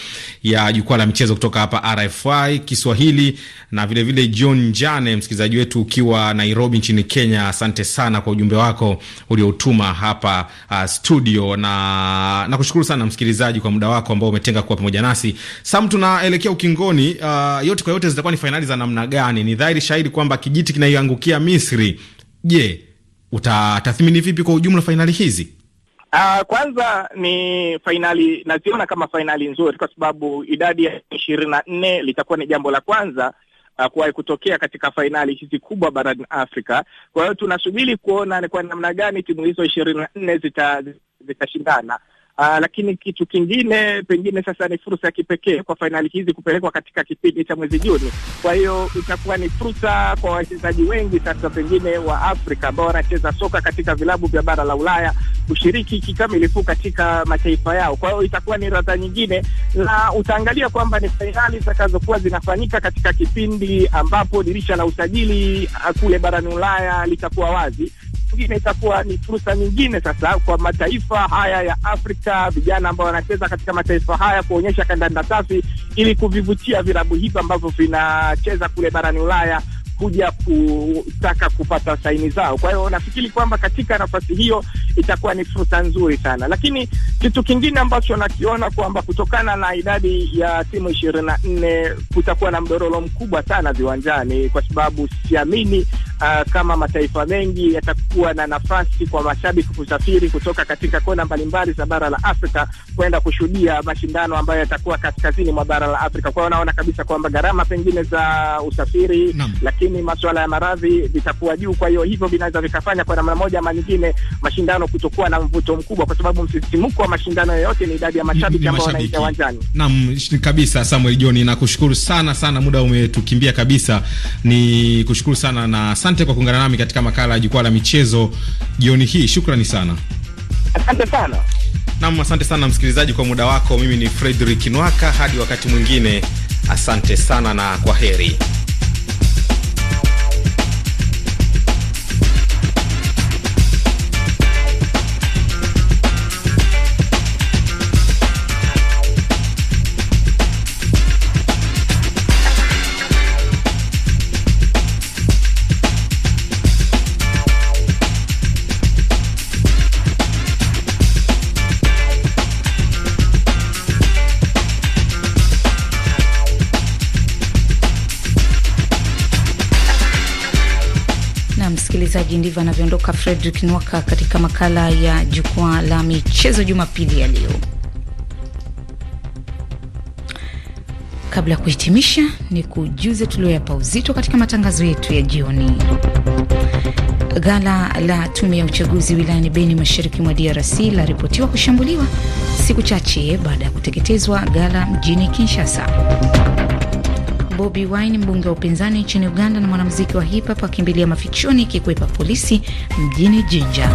ya jukwaa la michezo kutoka hapa RFI Kiswahili, na vilevile vile John Jane msikilizaji wetu ukiwa Nairobi nchini Kenya, asante sana kwa ujumbe wako uliotuma hapa uh, studio, na nakushukuru sana msikilizaji kwa muda wako ambao umetenga kuwa pamoja nasi. Sam, tunaelekea ukingoni. Uh, yote kwa yote zitakuwa ni fainali za namna gani? Ni dhahiri shahidi kwamba kijiti kinaiangukia Misri Je, utatathmini vipi kwa ujumla fainali hizi? Uh, kwanza ni fainali naziona kama fainali nzuri kwa sababu idadi ya ishirini na nne litakuwa ni jambo la kwanza uh, kuwahi kutokea katika fainali hizi kubwa barani Afrika. Kwa hiyo tunasubiri kuona ni kwa namna gani timu hizo ishirini na nne zitashindana zita Aa, ah, lakini kitu kingine pengine sasa ni fursa ya kipekee kwa fainali hizi kupelekwa katika kipindi cha mwezi Juni. Kwa hiyo itakuwa ni fursa kwa wachezaji wengi sasa pengine wa Afrika ambao wanacheza soka katika vilabu vya bara la Ulaya kushiriki kikamilifu katika mataifa yao. Kwa hiyo itakuwa ni radha nyingine, na utaangalia kwamba ni fainali zitakazokuwa zinafanyika katika kipindi ambapo dirisha la usajili ah, kule barani Ulaya litakuwa wazi pengine itakuwa ni fursa nyingine sasa kwa mataifa haya ya Afrika, vijana ambao wanacheza katika mataifa haya kuonyesha kandanda safi, ili kuvivutia vilabu hivi ambavyo vinacheza kule barani Ulaya kuja kutaka kupata saini zao. Kwa hiyo nafikiri kwamba katika nafasi hiyo itakuwa ni fursa nzuri sana, lakini kitu kingine ambacho nakiona kwamba kutokana na idadi ya timu ishirini na nne kutakuwa na mdororo mkubwa sana viwanjani, kwa sababu siamini uh, kama mataifa mengi yatakuwa na nafasi kwa mashabiki kusafiri kutoka katika kona mbalimbali za bara la Afrika kwenda kushuhudia mashindano ambayo yatakuwa kaskazini mwa bara la Afrika. Kwa hiyo naona kabisa kwamba gharama pengine za usafiri Nam. lakini masuala ya maradhi vitakuwa juu, kwa hiyo hivyo vinaweza vikafanya kwa namna moja ama nyingine mashindano kutokuwa na mvuto mkubwa, kwa sababu msisimuko wa mashindano yoyote ni idadi ya mashabiki ambao wanaingia uwanjani. Naam, kabisa. Samuel John, nakushukuru sana sana, muda umetukimbia kabisa. Ni kushukuru sana na Asante kwa kuungana nami katika makala ya jukwaa la michezo jioni hii, shukrani sana. Asante sana nam. Asante sana msikilizaji kwa muda wako. Mimi ni Fredrick Nwaka, hadi wakati mwingine. Asante sana na kwa heri. msikilizaji, ndivyo anavyoondoka Fredrick Nwaka katika makala ya jukwaa la michezo jumapili ya leo. Kabla ya kuhitimisha, ni kujuze tulioyapa uzito katika matangazo yetu ya jioni. Ghala la tume ya uchaguzi wilayani Beni, mashariki mwa DRC, laripotiwa kushambuliwa siku chache baada ya kuteketezwa ghala mjini Kinshasa. Bobi Wine, mbunge wa upinzani nchini Uganda na mwanamuziki wa hip hop, akimbilia mafichoni kikwepa polisi mjini Jinja.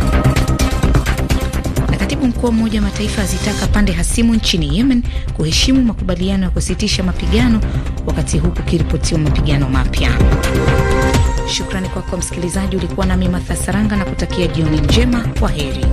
Mkuu wa Umoja wa Mataifa azitaka pande hasimu nchini Yemen kuheshimu makubaliano ya kusitisha mapigano, wakati huu kukiripotiwa mapigano mapya. Shukrani kwako kwa msikilizaji, ulikuwa nami Matha Saranga na kutakia jioni njema. Kwa heri.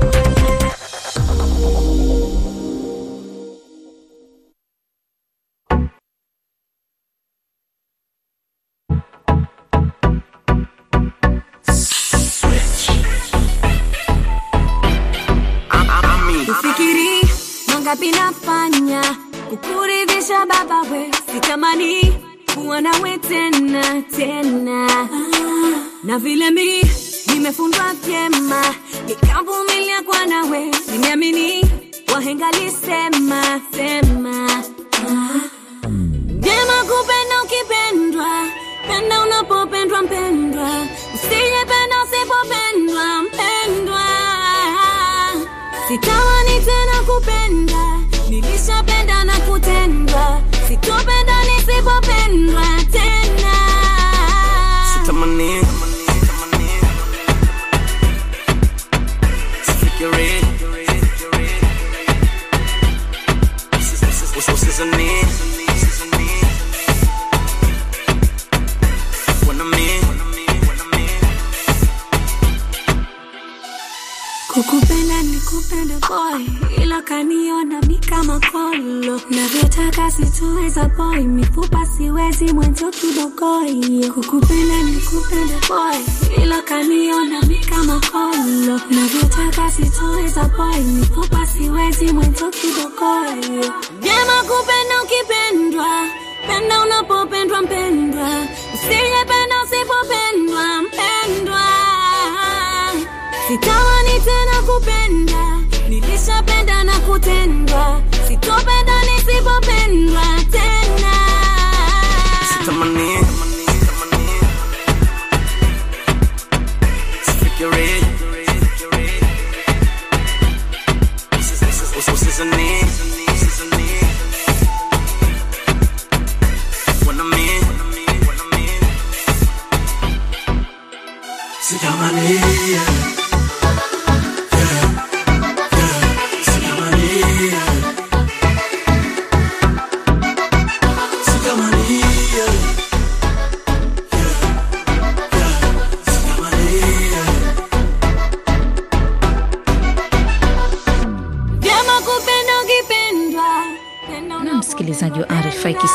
Kukupenda nikupende boy, ila kaniona mi kama kolo na vyotaka sitoweza boy, mifupa siwezi mwenzo kibogoi. Kukupenda nikupende boy, ila kaniona mi kama kolo na vyotaka sitoweza boy, mifupa siwezi mwenzo kibogoi. Vyema kupenda ukipendwa, penda unapopendwa mpendwa, usijependa usipopendwa mpendwa, sitawa kupenda, nilishapenda na kutendwa, sitopenda nisipopendwa tena sitamani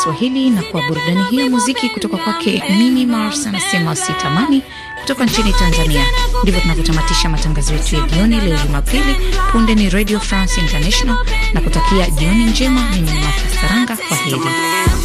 Kiswahili, na kwa burudani hiyo muziki kutoka kwake Mimi Mars anasema sitamani kutoka nchini Tanzania. Ndivyo tunavyotamatisha matangazo yetu ya jioni leo Jumapili. Punde ni Radio France International na kutakia jioni njema. Mimi ni Martha Saranga, kwa heri.